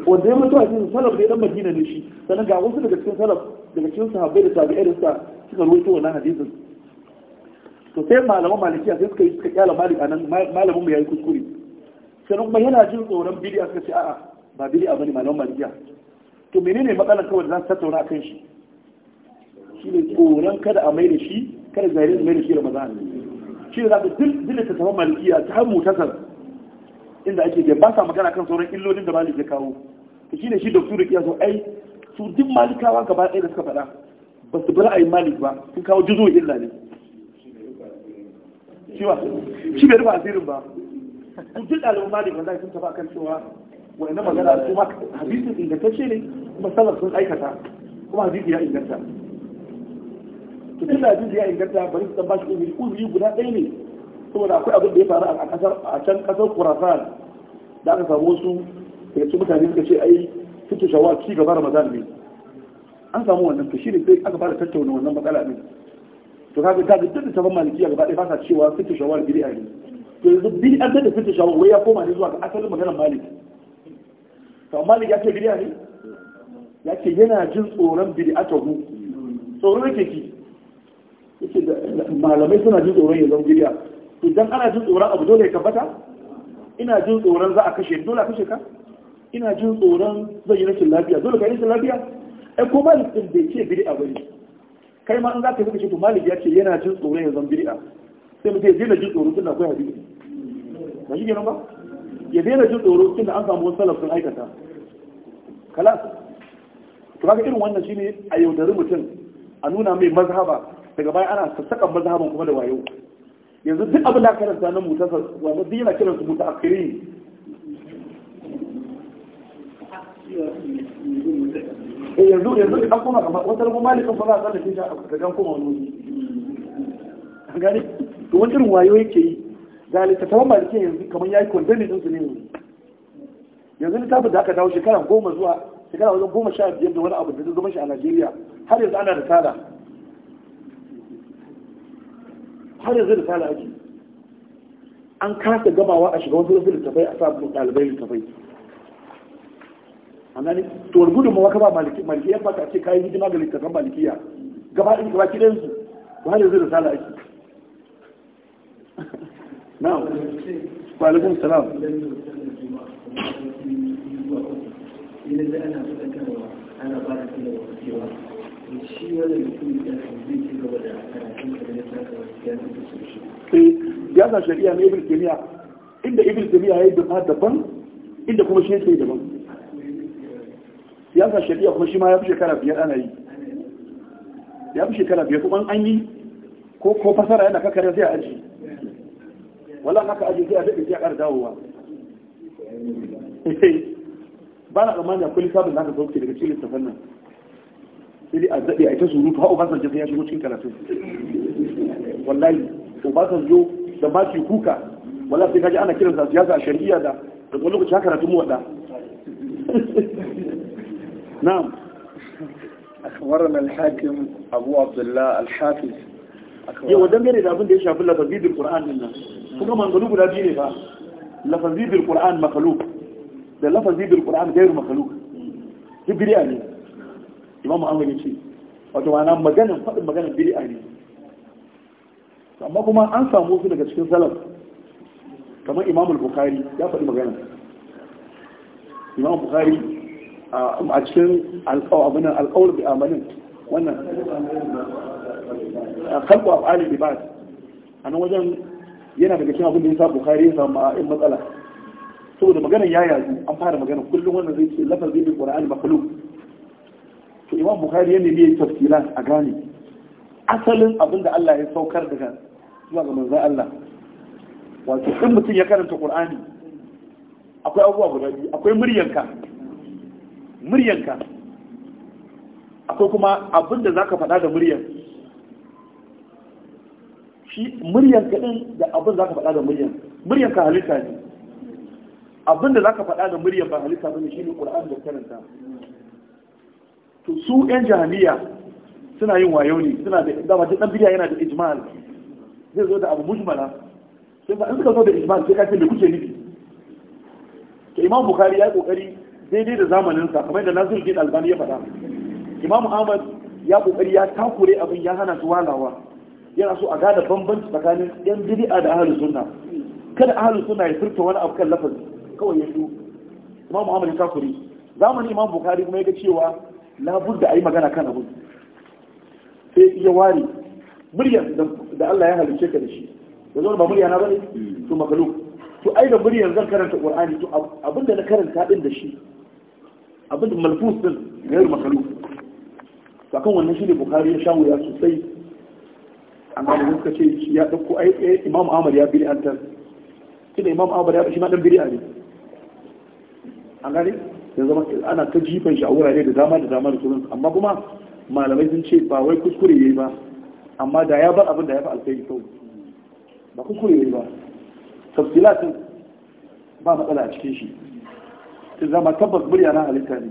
wanda ya mutu hadisin salaf ne dan madina ne shi sannan ga wasu daga cikin salaf daga cikin sahabbai da tabi'ai da suka suka ruwaito wannan hadisin to sai malaman malikiya sai suka yi suka kyala malik anan malamin mu yayi kuskure sai kuma yana jin tsoron bid'a suka ce a'a ba bid'a bane malaman malikiya to menene matsalar kawai da za su tattauna kan shi shi ne tsoron kada a maida shi kada zahiri maida shi da shi shi ne za ka dinda ta tafi malikiya ta har mutasar inda ake da ba sa magana kan sauran illolin da malik ya kawo to shi ne shi da su da kiyaso ai su duk malikawa gaba ɗaya da suka faɗa ba su a yi malik ba sun kawo juzo illa ne cewa shi bai rufe asirin ba duk ɗalibin malik wanda sun taɓa kan cewa wa'annan magana su ma hadisin ingantacce ne kuma sallar sun aikata kuma hadisi ya inganta to tun da hadisi ya inganta bari su tabbashi bashi uzuri uzuri guda ɗaya ne saboda akwai abin da ya faru a kasar a can kasar kurasan da aka samu wasu da cikin mutane suka ce ai fitu shawar ci gaba Ramadan ne an samu wannan to shi ne sai aka fara tattauna wannan matsala ne to kaga ta ga duk maliki malikiya gaba ɗaya ba cewa fitu shawar a ne to yanzu an da fitu shawar wai ya koma ne zuwa ga asalin maganar malik to malik ya ce a ne ya ce yana jin tsoron tagu tsoron yake ki yake malamai suna jin tsoron ya a to dan ana jin tsoron abu dole ya tabbata ina jin tsoron za a kashe dole a kashe ka ina jin tsoron zai yi rashin lafiya dole ka yi rashin lafiya ai ko malik din bai ce a bane kai ma in za ka yi shi to ya ce yana jin tsoro ya zambi a sai mu ce daina jin tsoro tunda akwai hadisi ba shi kenan ba ya daina jin tsoro tunda an samu wasu salaf sun aikata kalas to kaga irin wannan shine a yaudari mutum a nuna mai mazhaba daga baya ana sassakan mazhaban kuma da wayo yanzu duk abin da karanta na mutasar wanda duk yana kiransu mutaakhirin Eh, yanzu yanzu an kuma kamar wata rubu malikin ba za a tsallake shi a kan kuma wani wuri an gane to wani irin wayo yake yi ga littattafan malikin yanzu kamar ya yi kwandamin su ne yanzu littafin da aka dawo shekara goma zuwa shekara wajen goma sha biyar da wani abu da zama shi a najeriya har yanzu ana risala har yanzu risala ake an kasa gamawa a shiga wasu littattafai a sa ɗalibai littattafai anani to wani gudun ka ba maliki yan baka ce kayan hidima ga littattafan malikiya gaba ɗin gaba kiɗan su ba har yanzu da sala salam ba da ya saka shari'a na ibil jami'a inda ibil jami'a ya yi daban inda kuma shi yake daban. siyasa shari'a kuma shi ma ya fi shekara biyar ana yi ya fi shekara biyar kuma an yi ko ko fasara yana kakar zai aji wala haka aji zai aji zai ƙara dawowa ba na kamar da lissafin sabon aka sauke daga cikin lissafin nan sai dai a zaɓe a ita surutu hau basan jafi ya shigo cikin karatun wallahi to basan zo da ba ke kuka wala sai kaji ana kiransa siyasa a shari'a da da wani lokaci haka karatun mu waɗa نعم أخبرنا الحاكم أبو عبد الله الحافظ yau don gane da abin da ya shafi lafazi bil qur'an din nan kuma mangalu guda biyu ne ba lafazi bil qur'an makaluk da lafazi bil qur'an gairu makaluk duk bid'a ne imamu an ya faɗin maganin bid'a ne amma kuma an samu su daga cikin salaf kamar imamu bukhari ya faɗi maganan imamu bukhari a cikin alƙawabin alƙawar bi amalin wannan kalko a ali bi ba'd a nan wajen yana daga cikin abin da ya sa bukari ya samu a matsala saboda maganar ya yazu an fara magana kullum wannan zai ce zai bi qur'ani makhluq to imam bukari ya nemi tafsiran a gane asalin abin da Allah ya saukar daga zuwa ga manzan Allah wato in mutum ya karanta ƙura'ani akwai abubuwa guda biyu akwai muryanka muryanka akwai kuma abin da za ka faɗa da muryan shi muryanka kaɗin da abin za ka faɗa da muryan ka halitta ne abin da za ka faɗa da muryan ba halitta ba ne shi ne ƙura'an da karanta to su 'yan jahaniya suna yin wayo ne suna da dama duk ɗan biya yana da ijmal zai zo da abu mujmala sai ba in suka zo da ijmal sai ka ce me kuke nufi to imam bukhari ya yi ƙoƙari. daidai da zamaninsa kamar da nasiru jin albani ya faɗa imam ahmad ya kokari ya takure abin ya hana su walawa yana so a gada bambanci tsakanin yan bid'a da ahlus sunna kada ahlus sunna ya furta wani abu kan lafazi kawai ya su imam ahmad ya takure zamanin imam bukhari kuma ya ga cewa labudda ayi magana kan abu sai iya ware muryar da Allah ya halice ka da shi da zo ba murya na bane to makaluk to ai da muryar zan karanta qur'ani to abinda na karanta din da shi abin da malfus din gairu makalu to akan wannan ne bukari ya shawo ya sosai amma da suka ce ya dauko ai imam ahmad ya biri an tar kina imam ahmad ya shi ma biri biri ne an gani ya zama ana ta jifan shi a wurare da dama da dama da sauran amma kuma malamai sun ce ba wai kuskure ya yi ba amma da ya bar abin da ya fi alkhairi kawai ba kuskure yi ba tafsilatin ba matsala a cikin shi Sai zama tabbas murya na halitta ne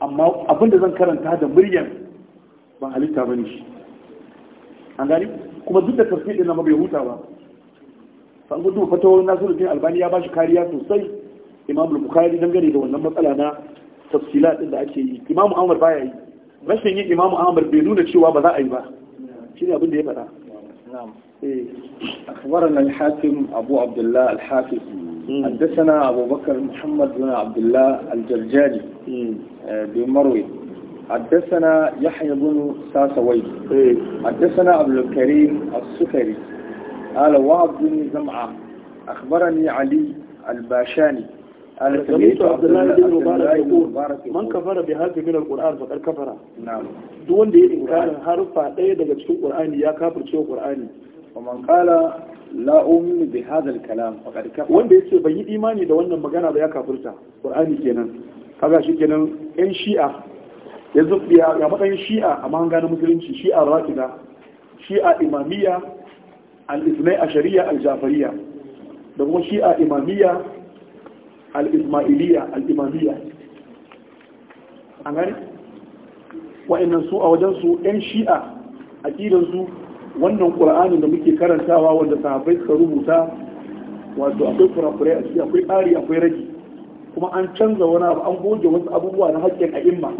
amma abinda zan karanta da muryan ban halitta ba ne shi an gani kuma duk da tafsir ɗin na bai huta ba san gudu fatawar nasiruddin albani ya ba shi kariya sosai imam bukhari dangane da wannan matsala na tafsila ɗin da ake yi imamu amur baya yi rashin yin imamu ahmad bai nuna cewa ba za a yi ba shi ne abin da ya faɗa أخبرنا الحاكم أبو عبد الله الحافظ حدثنا أبو بكر محمد بن عبد الله الجرجاني بمروي حدثنا يحيى بن ساسوي حدثنا عبد الكريم السكري قال وعبد بن زمعة أخبرني علي الباشاني قال سمعت عبد الله بن مبارك يقول من كفر بهذا من القرآن فقد كفر نعم دون دي إنكار حرفا ɗaya daga cikin Qur'ani ya kafirce Qur'ani ومن قال لا أؤمن بهذا الكلام فقد كفر وين بيسي بي إيماني دا وانا مغانا بيا كافرتا قرآني كينا kaga shi kenan yan shi'a yanzu ya matsayin shi'a a mahanga na musulunci shi'a rafida shi'a imamiyya al-isnai ashariya al-jafariya da kuma shi'a imamiyya al-ismailiyya al-imamiyya an gani wa'annan a wajensu yan shi'a a wannan qur'ani da muke karantawa wanda sahabbai suka rubuta wato akwai kurakurai a ciki akwai ƙari akwai rage kuma an canza wani abu an goge wasu abubuwa na haƙƙin a'imma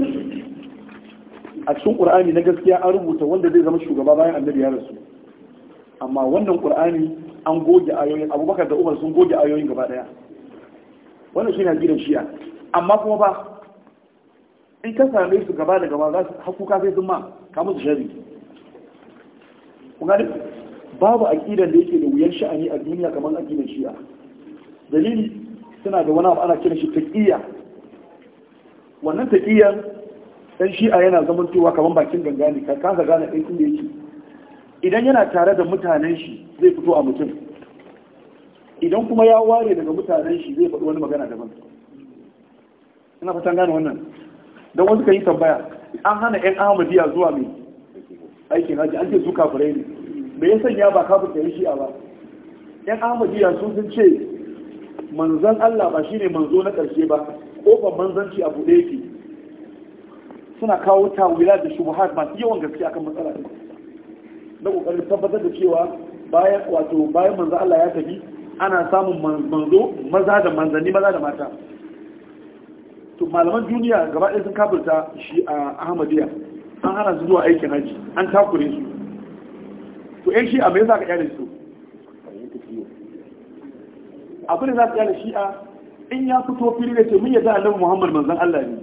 a cikin ƙura'ani na gaskiya an rubuta wanda zai zama shugaba bayan annabi ya rasu amma wannan ƙura'ani an goge ayoyin abubakar da umar sun goge ayoyin gaba ɗaya wannan shi ne gidan shiya amma kuma ba in ka same su gaba da gaba za su hakuka sai sun ma kamun su shari'a kuma babu aqidar da yake da wuyan sha'ani a duniya kamar aqidar shi'a dalili suna da wani abu ana kiran shi taƙiyya wannan taƙiyyar ɗan shi'a yana cewa kamar bakin ganga ne ka gane ɗan inda yake idan yana tare da mutanen shi zai fito a mutum idan kuma ya ware daga mutanen shi zai faɗi wani magana daban ina fatan gane wannan don wasu ka yi tambaya an hana 'yan ahmadiyya zuwa mai aikin haji an ce su kafirai ne me ya sanya ba kafin da shi'a ba yan ahmadiyya sun sun ce manzan Allah ba shine manzo na ƙarshe ba kofar manzanci a buɗe yake suna kawo tawila da shubuhat masu yawan gaske akan matsala ne na ƙoƙarin tabbatar da cewa bayan wato bayan manzan Allah ya tafi ana samun manzo maza da manzanni maza da mata to malaman duniya gaba ɗaya sun kafirta shi a Ahmadiyya an hana su zuwa aikin haji an takure su to yan shi'a me yasa ka kyale su abin da za ka kyale shi'a in ya fito fili da ce mun yadda annabi muhammad manzon allah ne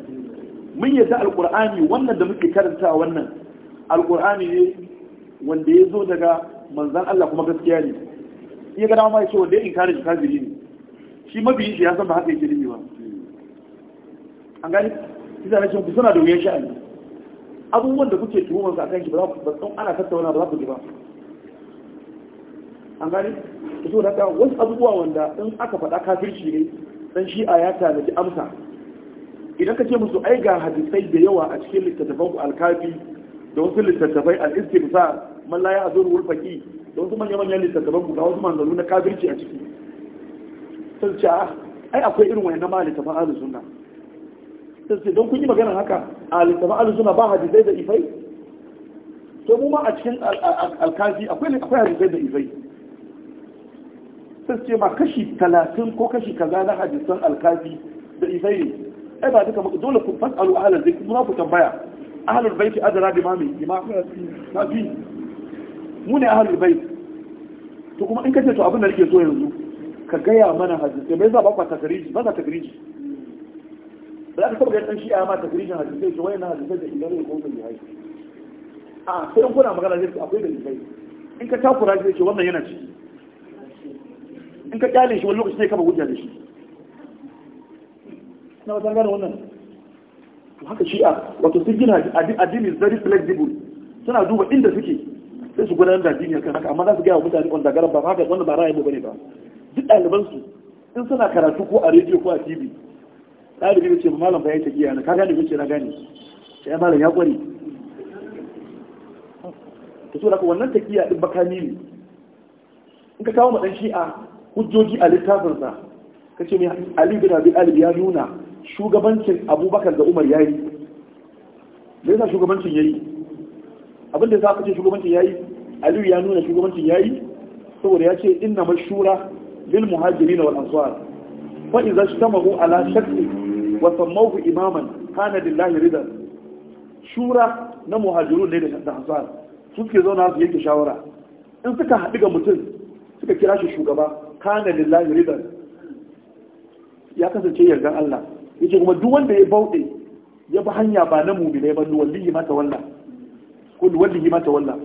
mun yadda alqur'ani wannan da muke karanta wannan alqur'ani ne wanda ya zo daga manzon allah kuma gaskiya ne iya gada ma ya ce wanda ya inkari shi kafiri ne shi mabiyin shi ya san ba haka yake ne ba an gani kisa na ce suna da wuyan sha'ani abubuwan da kuke tuhumansu a kanki ba za ku ba san ana tattauna ba za ku ji ba an gani ta so daga wasu abubuwa wanda in aka faɗa kafirci ne dan yata da ji amsa idan ka ce musu ai ga hadisai da yawa a cikin littattafan ku alkafi da wasu littattafai al-istimsa man la ya'zuru wal faqi da wasu manyan manyan littattafan ku ga wasu manzalu na kafirci a ciki sai ce ah, ai akwai irin wayannan ma littattafan ahlus sunna sai don kun yi magana haka a littafin alisuna ba hadisai da ifai to mu ma a cikin alkazi akwai hadisai da ifai sai ce ma kashi talatin ko kashi kaza na hadisan alkazi da ifai ne ai ba duka maka dole ku fasalu ahlal zai kuma ku tambaya ahlul baiti adra bi mami bima ma fi mu ne ahlul bait to kuma in kace to abin da nake so yanzu ka gaya mana hadisi mai za ba ku takariji ba za takariji za ka taɓa ɗan shi'a ma tasirishin hadisai ce wayannan hadisai da ingare ko sun yi a sai kuna magana zai akwai da likai in ka takura zai ce wannan yana ciki in ka kyale shi wani lokaci sai kama hujja da shi na wata gane wannan haka shi'a wato sun gina addini very flexible suna duba inda suke sai su gudanar da addini kan haka amma za su gaya wa mutane wanda garan ba haka wannan ba ra'ayi bane ba duk ɗalibansu in suna karatu ko a rediyo ko a tv ɗalibi da ce malam ba ya ta giya na, ka gane ce na gane sai malam ya kware ta so daga wannan tafiya din makami ne in ka kawo ma ɗan shi'a hujjoji a littafinsa ka ce mai ali bin abi alib ya nuna shugabancin abubakar da umar ya yi da yasa shugabancin ya yi abin da za ka ce shugabancin ya yi aliyu ya nuna shugabancin ya yi saboda ya ce inna mashura lil muhajirin wal ansar fa idza ijtamahu ala shakli Wasan sammahu imaman kana lillahi ridan shura na muhajirun ne da ansar su suke zauna su yanke shawara in suka haɗu ga mutum suka kira shi shugaba kana lillahi ridan ya kasance yardan Allah yace kuma duk wanda ya bauɗe ya bi hanya ba na mu'mina ba ni wallahi ma tawalla ko wallahi ma tawalla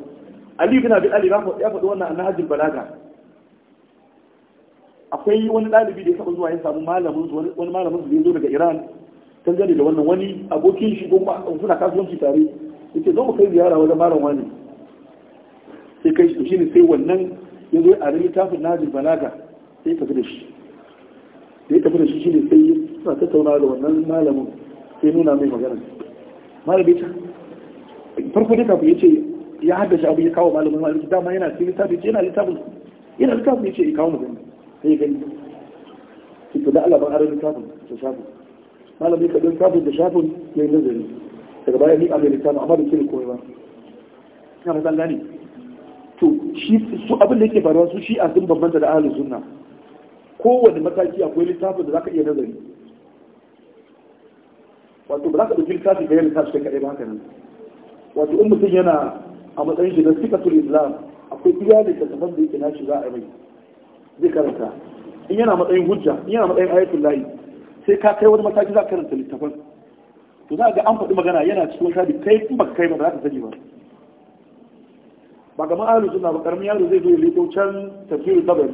Ali bin Abi Talib ya faɗi wannan a Balaga akwai wani ɗalibi da ya taɓa zuwa ya samu malamin su wani malamin su da ya zo daga iran dangane da wannan wani abokin shi kuma suna kasuwanci tare ya ce zo mu kai ziyara wajen malam wani sai kai shi ne sai wannan ya zo a rin littafin najin balaga sai tafi da shi da ya tafi da shi shi ne sai suna tattauna da wannan malamin sai nuna mai magana malamin ta farko dai kafin ya ce ya haddace abu ya kawo malamin malamin dama yana cikin littafin yana littafin yana littafin ya ce ya kawo magana sai gani ki to da Allah ban aron littafin da shafin malami ka ɗin kafin da shafin ya yi nazari daga baya ni a mai littafin amma da kiri komai ba ina fatan gane to shi su abin da yake faruwa su shi a sun bambanta da ahalin sunna kowane mataki akwai littafin da zaka iya nazari wato ba za ka ɗauki littafi ka yi littafi kai kaɗai ba haka nan wato in mutum yana a matsayin shi na sikatul islam akwai iya da kasafan da yake nashi za a yi mai zai karanta in yana matsayin hujja in yana matsayin ayatul lahi sai ka kai wani mataki za ka karanta littafin to za ga an faɗi magana yana cikin shadi kai in baka kai ba za ka sani ba ba ga ma'alu suna ba karamin yaro zai zo ya leko can tafiyar tabar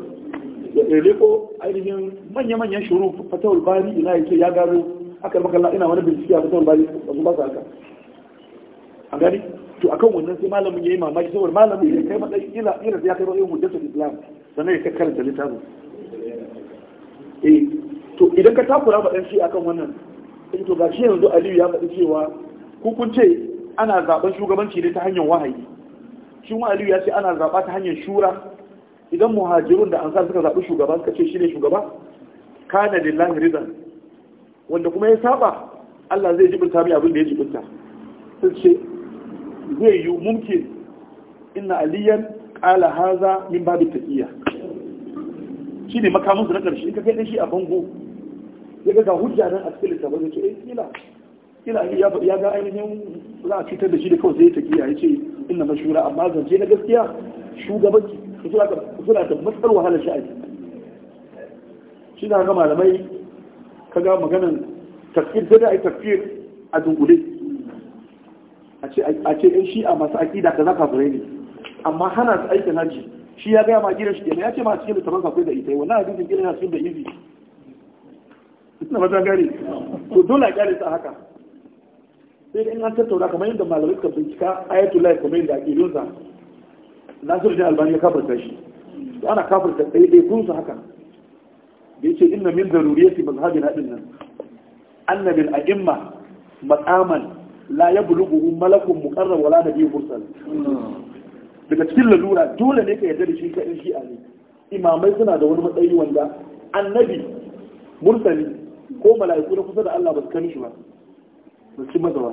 ya leko ainihin manya-manyan shuru fatawar bari ina ce ya gano aka yi makalla ina wani bincike a fatawar bari ba su ba su haka a gani to akan wannan sai malamin ya yi mamaki saboda malamin ya kai matsayin ila ila ya kai matsayin hujjatul islam sannan ya karanta littafin eh to idan ka takura ba dan shi akan wannan in eh to gashi yanzu Aliyu ya faɗi cewa ku kun ce ana zaben shugabanci ne ta hanyar wahayi shi ma Aliyu ya ce ana zaba ta hanyar shura idan muhajirun da ansar suka zaɓi shugaba suka ce shi ne shugaba kana lillahi ridan wanda kuma ya saba Allah zai jibinta mai abin da ya jibinta sun ce zai yi mumkin inna aliyan ƙala haza min babu taƙiyya shi ne makamansu na ƙarshe ka kai shi a bango ya ga hujja nan a cikin littafin ya ce eh kila kila ya ga ainihin za a cutar da shi da kawai zai ta giya ya ce ina mashura amma zance na gaskiya shugabanci suna da matsar wahalar sha'ani shi na ga malamai ka ga maganan tafiyar zai da ai tafiyar a dunkule a ce shi a masu aƙida ka zaka bure ne amma hana su aikin hajji shi ya gaya ma gidan shi kenan ya ce ma cikin littafin akwai da ita wannan hadisin gidan ya sun da izi na fata gari to dole a kyale ta haka sai in an tattauna kamar yadda malamai suka bincika ayatullahi kamar yadda ake yunsa sa nasiru da albani ya kafarta shi to ana kafarta ɗaiɗai kun kunsa haka da ce inna min daruriyati mazhabina din nan annabil a'imma maqaman la yablughu malakun muqarrab wala nabiyyun mursal daga cikin lalura dole ne ka yarda da shi kaɗin shi'a ne imamai suna da wani matsayi wanda annabi mursali ko mala'iku na kusa da Allah ba su kani shi ba ba su maza ba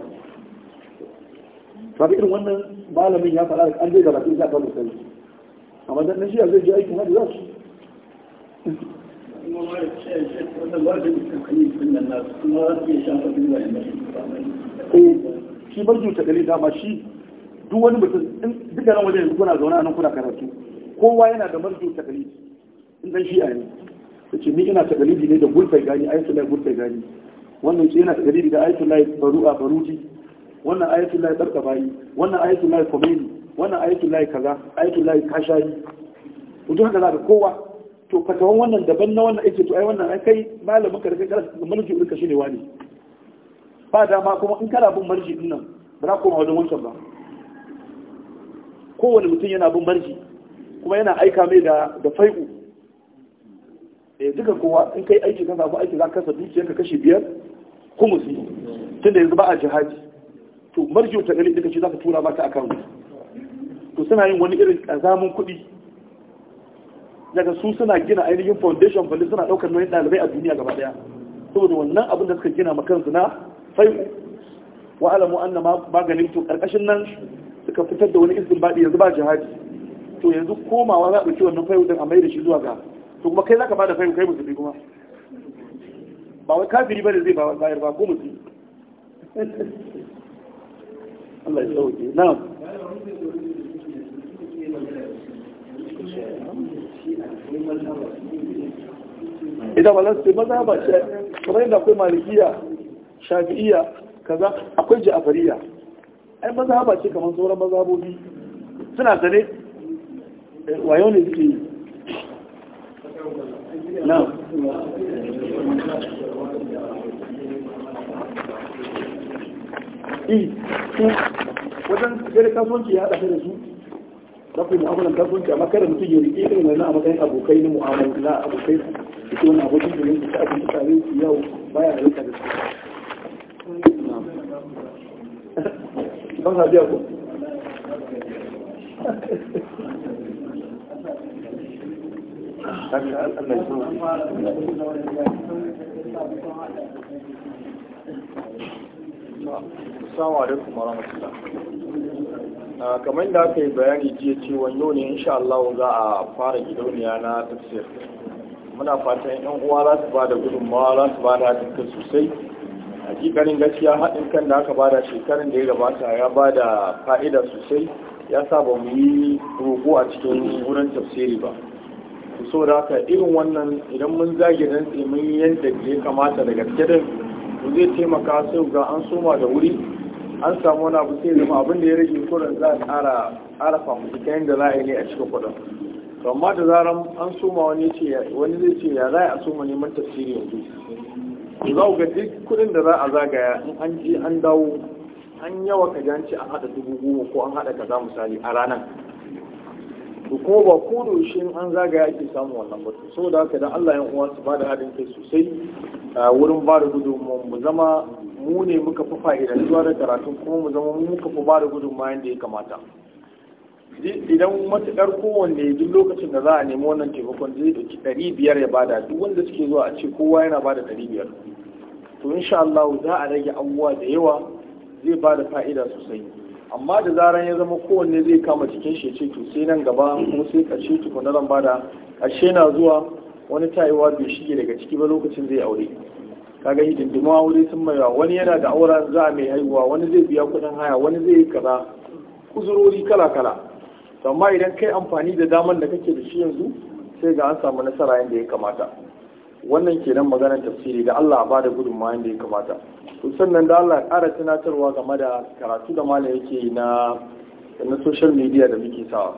ba irin wannan malamin ya faɗa an zai gabata ya ta mursali amma dan shi'a zai je aikin hajji za su shi barju ta gari dama shi duk wani mutum duk duka nan wajen kuna zaune a nan kuna karatu kowa yana da marjo takalidi in dan shi'a ne yace ni ina takalidi ne da gulfai gani lahi gulfai gani wannan shi yana takalidi da lahi baru'a baruji wannan barka bayi, wannan lahi komeni wannan lahi kaza lahi kashayi mutum haka zaka kowa to fatawan wannan daban na wannan ake to ai wannan ai kai malamin ka da kai kana ka ɗinka shine wani ba dama kuma in kana bin marji ɗin nan ba za ku koma wajen wancan ba kowane mutum yana bin barji kuma yana aika mai da da ya eh, duka kowa in kai aiki kan samu aiki za ka kasa dukiyar ka kashe biyar kumusi tunda yanzu ba a jihadi to marji ta gani duka ce za ka tura ba ta akan to suna yin wani irin kazamin kuɗi daga su suna gina ainihin foundation balli suna ɗaukar nauyin ɗalibai a duniya gaba ɗaya saboda wannan abin da suka gina ma kansu na fai'u wa'alamu annama maganin to karkashin nan suka fitar da wani izin baɗi yanzu ba jihadi to yanzu komawa za a ɗauki wannan fayu don a mai da shi zuwa ga to kuma kai za ka bada fayu kai musulmi kuma ba wai kafiri bane zai ba bayar ba ko musulmi Allah ya sauke na idan ba lansu maza ba shi kamar yadda akwai malikiya shafi'iya kaza akwai ja'afariya ai ba ce kamar sauran mazhabobi suna sane eh, wayo ne suke yi na i wajen gari kasuwanci ya haɗa da su za ku yi mu'amalan kasuwanci a mutum rike irin a matsayin abokai na mu'amala na abokai da ke wani abokin ta abin su yau baya rika da su ba ah, kamar da aka yi bayani jiya cewa yau ne insha Allah za a fara gidauniya na tafsir. Muna fatan yan uwa za su ba da gudunmawa za su ba da haɗin sosai hakikanin gaskiya haɗin kan da aka bada shekarun da ya gabata ya bada fa'ida sosai ya sa ba mu yi roƙo a cikin wurin tafsiri ba so da haka irin wannan idan mun zage dan mun yadda ya kamata da gaske din zai taimaka sai ga an soma da wuri an samu wani abu sai zama abin da ya rage kurin za a ƙara ƙara fafutukan da za a yi ne a cikin kuɗin amma da zaran an soma wani ce wani zai ce ya za a soma neman tafsiri yanzu za ga duk kudin da za a zagaya in an je an dawo an yawa ka a an haɗa dubu goma ko an haɗa kaza misali a ranar to ko ba ko da in an zagaya ake samu wannan ba so da haka dan Allah ya uwa su bada haɗin kai sosai wurin ba da gudunmuwa mu zama mu ne muka fi zuwa da karatun kuma mu zama mu muka fi ba da gudunmuwa yadda ya kamata idan matuƙar kowanne duk lokacin da za a nemi wannan taimakon zai ɗauki ɗari biyar ya bada duk wanda suke zuwa a ce kowa yana bada ɗari biyar to insha Allah za a rage abubuwa da yawa zai bada fa'ida sosai amma da zaran ya zama kowanne zai kama cikin shi ce to sai nan gaba ko sai ce tukuna zan bada karshe na zuwa wani tayewa bai shige daga ciki ba lokacin zai aure kaga hidindimu aure sun mai wani yana da auren za a mai haihuwa wani zai biya kuɗin haya wani zai yi kaza kuzurori kala kala amma idan kai amfani da daman da kake da shi yanzu sai ga an samu nasara yadda ya kamata wannan kenan maganar tafsiri da Allah ba da gudunma yadda ya kamata kusan sannan da Allah ƙara tunatarwa game da karatu da malam yake na na social media da muke sawa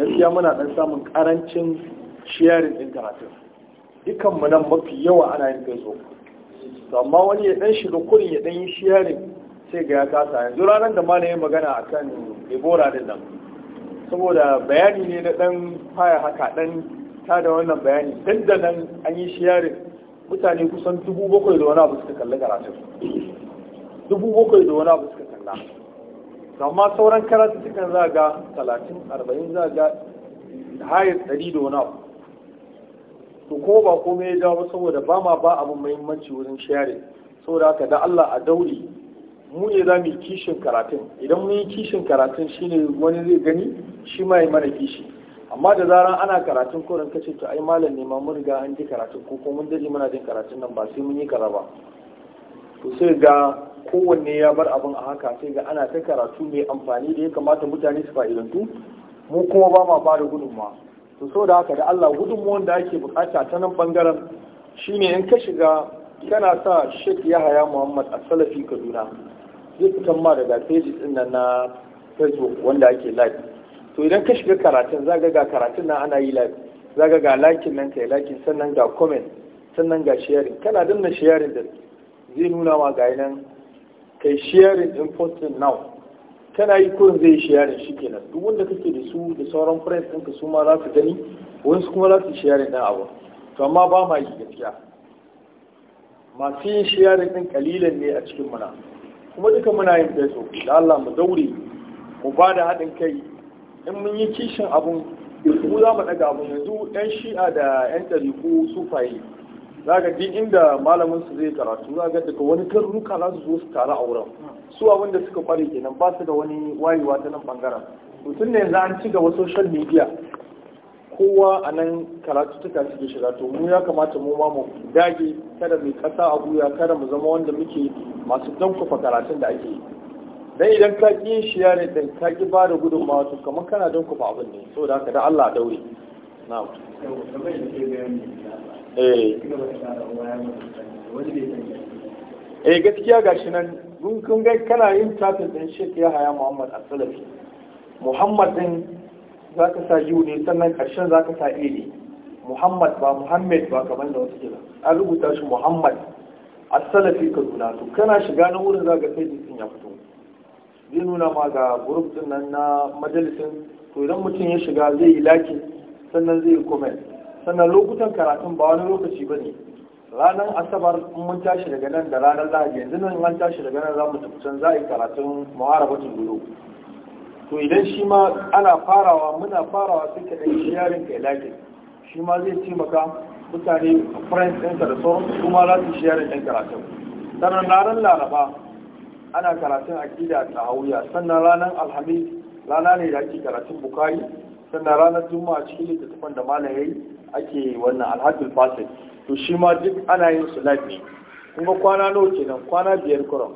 gaskiya muna dan samun karancin sharing din karatun dukan mu mafi yawa ana yin kai amma wani ya dan shiga kurin ya dan yi sharing sai ga ya kasa yanzu ranar da malam ya magana akan Ebola din nan saboda bayani ne na dan faya haka dan ta da wannan bayani dan da nan an yi shiyarin mutane kusan dubu bakwai da wani abu suka kalli karatu. dubu bakwai da wani abu suka kalla amma sauran karatu suka za ga talatin arba'in za ga hayar ɗari da wani abu to ko ba komai ya jawo saboda ba ma ba abin muhimmanci wurin shiyarin saboda haka da Allah a dauri mu ne za mu yi kishin karatun idan mun yi kishin karatun shine wani zai gani shi ma yi mana kishi amma da zarar ana karatun koren kace to ai malam ne ma mun riga an ji karatun ko kuma mun daji muna jin karatun nan ba sai mun yi kara ba to sai ga kowanne ya bar abin a haka sai ga ana ta karatu mai amfani da ya kamata mutane su fa'idantu mu kuma ba ma ba da gudunmawa to so haka da Allah gudunmawar da ake bukata ta nan bangaren shine in ka shiga kana sa Sheikh Yahaya Muhammad a Salafi Kaduna zai fitan ma daga page din nan na facebook wanda ake live to idan ka shiga karatun za ga karatun nan ana yi live za ga ga lakin nan kai lakin sannan ga comment sannan ga sharing kana danna sharing din zai nuna ma ga nan kai sharing din posting now kana yi kurin zai sharing shi kenan duk wanda kake da su da sauran friends ɗinka su ma za su gani wasu kuma za su sharing din abu to amma ba ma yi gaskiya masu yin sharing din kalilan ne a cikin muna kuma duka muna yin feso da Allah mu daure mu ba da haɗin kai in mun yi kishin abun mu za mu ɗaga abun yanzu 'yan shi'a da 'yan ɗariku sufaye za ka ji inda malamin su zai karatu za ka daga wani karnuka za su zo su taru a wurin su abin da suka kware kenan ba su da wani wayewa ta nan bangaren mutum ne yanzu an ci gaba social media kowa a nan karatuttuka suke shiga to mu ya kamata mu ma mu dage kada mai kasa a guya kada mu zama wanda muke masu dankufa karatun da ake yi dan idan ka ƙi shi ya ne dan ka ƙi ba da gudunmawa to kamar kana dankufa abin ne saboda haka da Allah daure na'am eh eh gaskiya gashi nan mun kun ga kana yin tafin din Sheikh haya Muhammad Asalafi Muhammad din za ka sa yiwu ne sannan ƙarshen za ka sa e ne muhammad ba muhammad ba kamar da wasu kira an rubuta shi muhammad a salafi kaduna to kana shiga na wurin za ka sai jikin ya fito zai nuna ma ga gurup din nan na majalisin to idan mutum ya shiga zai yi laki sannan zai yi comment sannan lokutan karatun ba wani lokaci ba ne ranar asabar mun tashi daga nan da ranar lahadi yanzu nan an tashi daga nan za mu tafi can za a yi karatun muharabatun gudu to idan shi ma ana farawa muna farawa suke ka ɗan sharing ka ilaƙi shi ma zai taimaka mutane a french ɗinka da sauran kuma za su sharing ɗin karatun sannan ranar laraba ana karatun aƙida ta hauya sannan ranar alhamis rana ne da ake karatun bukari sannan ranar juma'a cikin littattafan da malam yayi ake wannan alhajjul fasil to shi ma duk ana yin su lafi kuma kwana nawa kenan kwana biyar kuram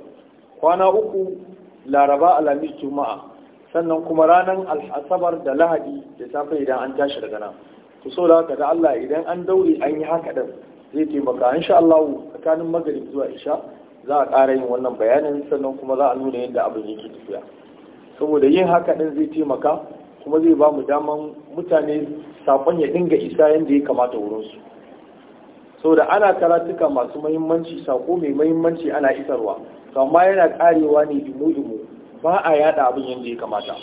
kwana uku laraba alhamis juma'a sannan kuma ranar al'asabar da lahadi da safe idan an tashi daga nan ku so da haka da Allah idan an daure an yi haka din zai taimaka insha Allah tsakanin magrib zuwa isha za a ƙara yin wannan bayanin sannan kuma za a nuna yadda abin yake tafiya saboda yin haka din zai taimaka kuma zai ba mu daman mutane sakon ya dinga isa yadda ya kamata wurin wurinsu saboda ana karatuka masu mahimmanci sako mai mahimmanci ana isarwa amma yana karewa ne dumu-dumu ba a yada abin yadda ya kamata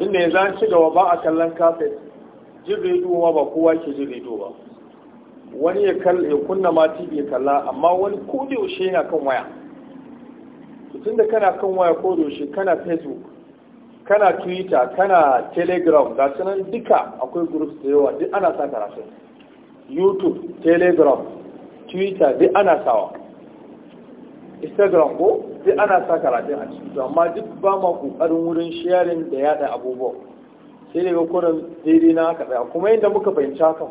inda ya zan ci gaba ba a kallon kafet jin ba kowa ke jin rediyo ba wani ya kunna ma tv ya kalla amma wani ko da yaushe yana kan waya tun da kana kan waya ko da yaushe kana facebook kana twitter kana telegram ga sunan duka akwai groups da yawa duk ana sa karatu. youtube telegram twitter duk ana sawa instagram ko sai ana sa karatun a ciki amma duk ba ma kokarin wurin sharing da yada abubuwa sai daga kurin daidai na aka tsaya kuma yadda muka fahimci kan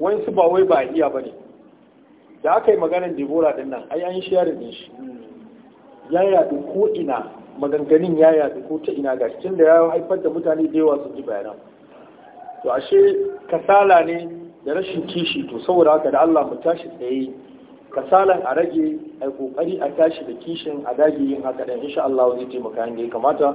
wani su ba wai ba a iya ba ne da aka yi maganar debora din nan ai an sharing din shi ya yadu ko ina maganganun ya yadu ko ta ina ga cikin da ya haifar da mutane da yawa sun ji bayanan to ashe kasala ne da rashin kishi to saboda haka da Allah mu tashi tsaye kasalan a rage a kokari a tashi da kishin a dage yin haka dan insha Allah zai taimaka inda ya kamata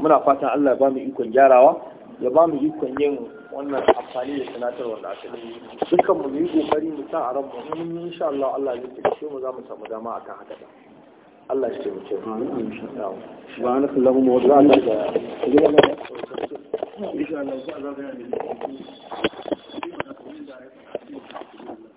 muna fatan Allah ya ba mu ikon gyarawa ya ba mu ikon yin wannan amfani da sanatarwa da aka yi dukkan mu yi kokari mu sa a ran mu insha Allah Allah zai taimake mu za mu samu dama akan haka da Allah ya taimake mu ba subhanaka allahumma wa bihamdika insha Allah za ga